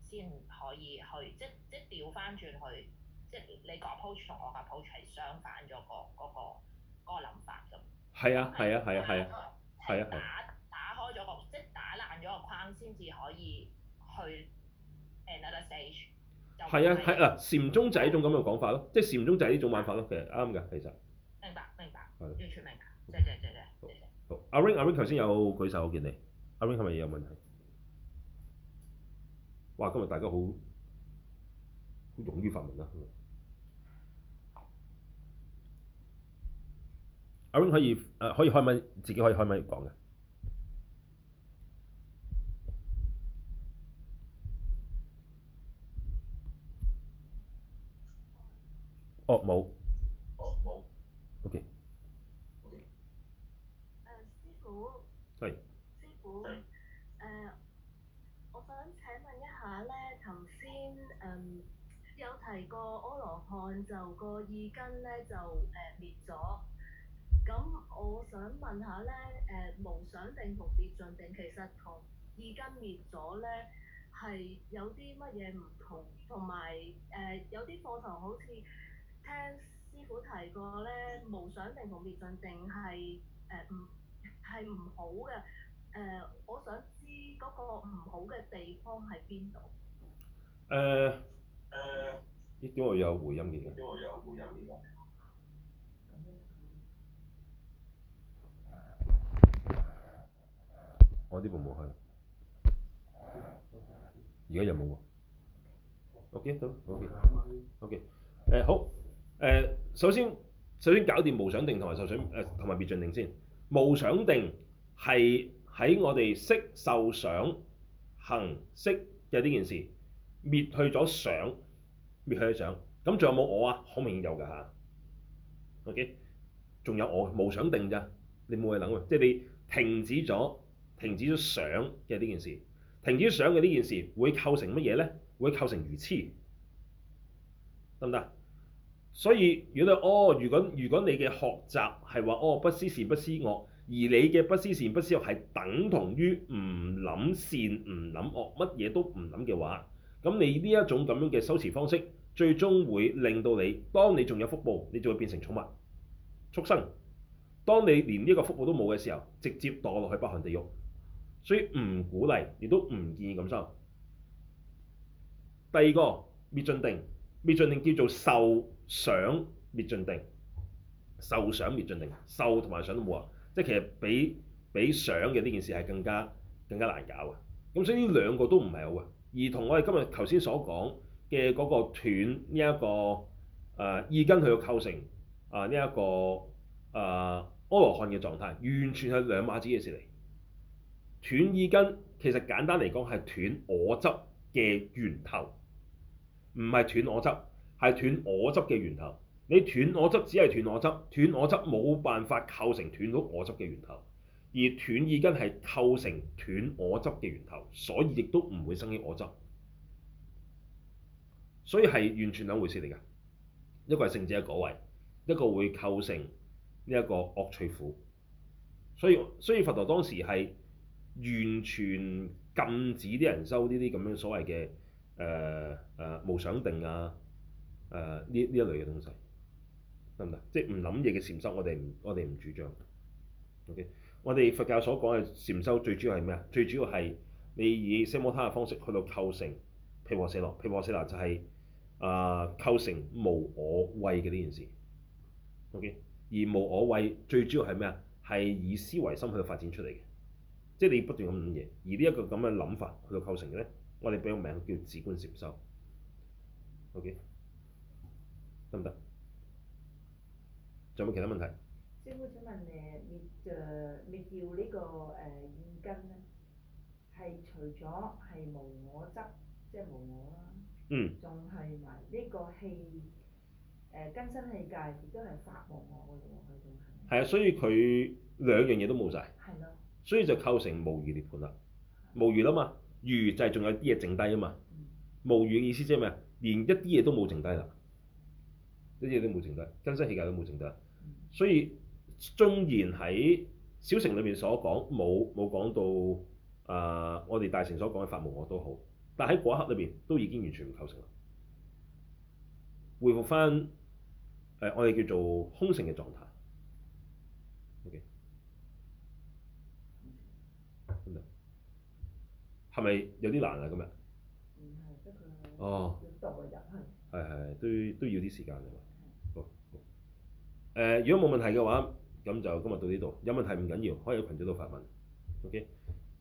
Speaker 2: 先可以去即即調翻轉去，即你個 approach 同我嘅 approach 係相反咗、個、個、個嗰諗法咁。係啊，係啊，係啊，係啊，係啊，係。咗個框先至可以去 another stage。係
Speaker 1: 啊，係啊，禪宗仔種咁嘅講法咯，即係禪宗就係呢種玩法咯，其實啱嘅，其實。明
Speaker 2: 白，明白。完全明白。謝謝，謝謝。
Speaker 1: 好。阿 Ring，阿 Ring 頭先有舉手我見你，阿 Ring 係咪有問題？哇！今日大家好，好勇於發問啊！阿 Ring 可以誒，可以開咪，自己可以開咪講嘅。冇。哦，冇。O K。O K。誒，師傅。係。師
Speaker 2: 傅。誒。我想請問一下咧，頭先誒有提過阿羅漢就個意根咧就誒滅咗，咁我想問下咧誒，無想定同滅盡定其實同意根滅咗咧係有啲乜嘢唔同？同埋誒有啲課堂好似，聽師傅提過咧，無想定同滅盡定係誒唔係唔好嘅。誒，我想知嗰個唔好嘅地方喺邊度？
Speaker 1: 誒誒，呢邊會有迴音嘅。呢邊會有迴音嘅。我呢部冇開，而家又冇喎。OK，得，OK，OK，誒好。Uh, 首先首先搞掂無想定同埋受想誒同埋滅盡定先。無想定係喺我哋識受想行識嘅呢件事，滅去咗想，滅去咗想，咁仲有冇我啊？好明顯有㗎吓啊。OK，仲有我無想定咋？你冇去諗啊，即係你停止咗停止咗想嘅呢件事，停止咗想嘅呢件事會構成乜嘢呢？會構成愚痴，得唔得？所以如果你哦，如果如果你嘅學習係話哦不思善不思惡，而你嘅不思善不思惡係等同於唔諗善唔諗惡乜嘢都唔諗嘅話，咁你呢一種咁樣嘅修持方式，最終會令到你當你仲有福報，你就會變成寵物畜生；當你連呢個福報都冇嘅時候，直接墮落去北韓地獄。所以唔鼓勵，亦都唔建議咁修。第二個滅盡定，滅盡定叫做受。想滅盡定、受想滅盡定，受同埋想都冇啊！即係其實比比想嘅呢件事係更加更加難搞啊！咁所以呢兩個都唔係好啊，而同我哋今日頭先所講嘅嗰個斷呢、這、一個啊意、呃、根佢嘅構成啊呢一個啊、呃、阿羅漢嘅狀態，完全係兩碼子嘅事嚟。斷意根其實簡單嚟講係斷我執嘅源頭，唔係斷我執。係斷我執嘅源頭，你斷我執，只係斷我執。斷我執冇辦法構成斷到我執嘅源頭，而斷意根係構成斷我執嘅源頭，所以亦都唔會生起我執。所以係完全兩回事嚟嘅。一個係聖者嘅果位，一個會構成呢一個惡趣苦。所以所以佛陀當時係完全禁止啲人修呢啲咁樣所謂嘅誒誒無想定啊。誒呢呢一類嘅東西得唔得？即係唔諗嘢嘅禪修，我哋唔我哋唔主張。OK，我哋佛教所講嘅禪修最主要係咩啊？最主要係你以三摩他嘅方式去到構成譬如我死啦，譬如我死啦，就係啊構成無我畏嘅呢件事。OK，而無我畏最主要係咩啊？係以思維心去到發展出嚟嘅，即係你不斷咁諗嘢。而呢一個咁嘅諗法去到構成嘅咧，我哋俾個名叫止觀禪修。OK。得唔得？仲有冇其他問題？
Speaker 2: 師傅請問你，你就滅掉呢個誒意根咧？係除咗係無我執，即係無我啦，嗯，仲係埋呢個氣誒根身器界，亦都係法無我
Speaker 1: 嘅喎，係咪？係啊，所以佢兩樣嘢都冇晒，係咯的，所以就構成無餘涅槃啦。無餘啊嘛，餘就係仲有啲嘢剩低啊嘛。無餘嘅意思即係咩啊？連一啲嘢都冇剩低啦。啲嘢都冇剩得，真身器界都冇剩得，嗯、所以縱然喺小乘裏面所講冇冇講到啊、呃，我哋大乘所講嘅法無我都好，但喺嗰刻裏邊都已經完全唔構成啦，復回復翻誒我哋叫做空性嘅狀態。O.K. 哪係咪有啲難啊？今日？嗯、哦。十
Speaker 2: 個
Speaker 1: 係係，都要都要啲時間。誒、呃，如果冇問題嘅話，咁就今日到呢度。有問題唔緊要，可以喺群組度發問。OK，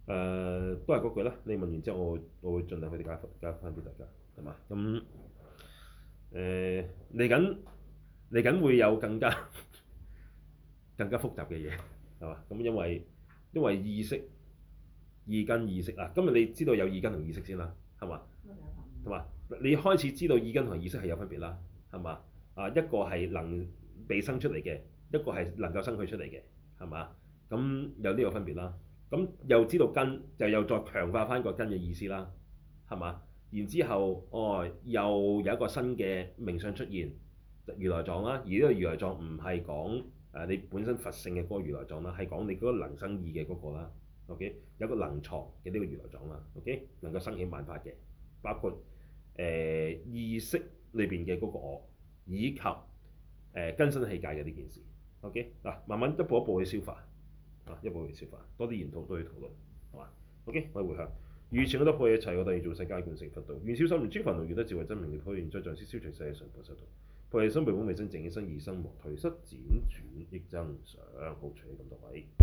Speaker 1: 誒，都係嗰句啦。你問完之後，我會我會盡量去啲解覆解翻俾大家，係嘛？咁誒嚟緊嚟緊會有更加 更加複雜嘅嘢，係嘛？咁因為因為意識意根意識啊，今日你知道有意根同意識先啦，係嘛？係嘛、嗯？你開始知道意根同意識係有分別啦，係嘛？啊，一個係能。被生出嚟嘅一個係能夠生佢出嚟嘅，係嘛？咁有呢個分別啦。咁又知道根，就又，又再強化翻個根嘅意思啦，係嘛？然之後哦，又有一個新嘅名相出現，如來藏啦。而呢個如來藏唔係講誒你本身佛性嘅嗰個如來藏啦，係講你嗰個能生義嘅嗰個啦。OK，有個能藏嘅呢個如來藏啦。OK，能夠生起萬法嘅，包括誒、呃、意識裏邊嘅嗰個以及。誒更新器界嘅呢件事，OK 嗱，慢慢一步一步去消化，啊，一步一消化，多啲研討，多啲討論，係嘛？OK，我哋回向，於此功德破一切，我哋要做世界觀成佛道，願小心願諸煩惱願得智慧真明了開，願在在消消除世界常本。修道，菩提心菩本未生淨生意生活退失輾轉益增上，好長咁多位。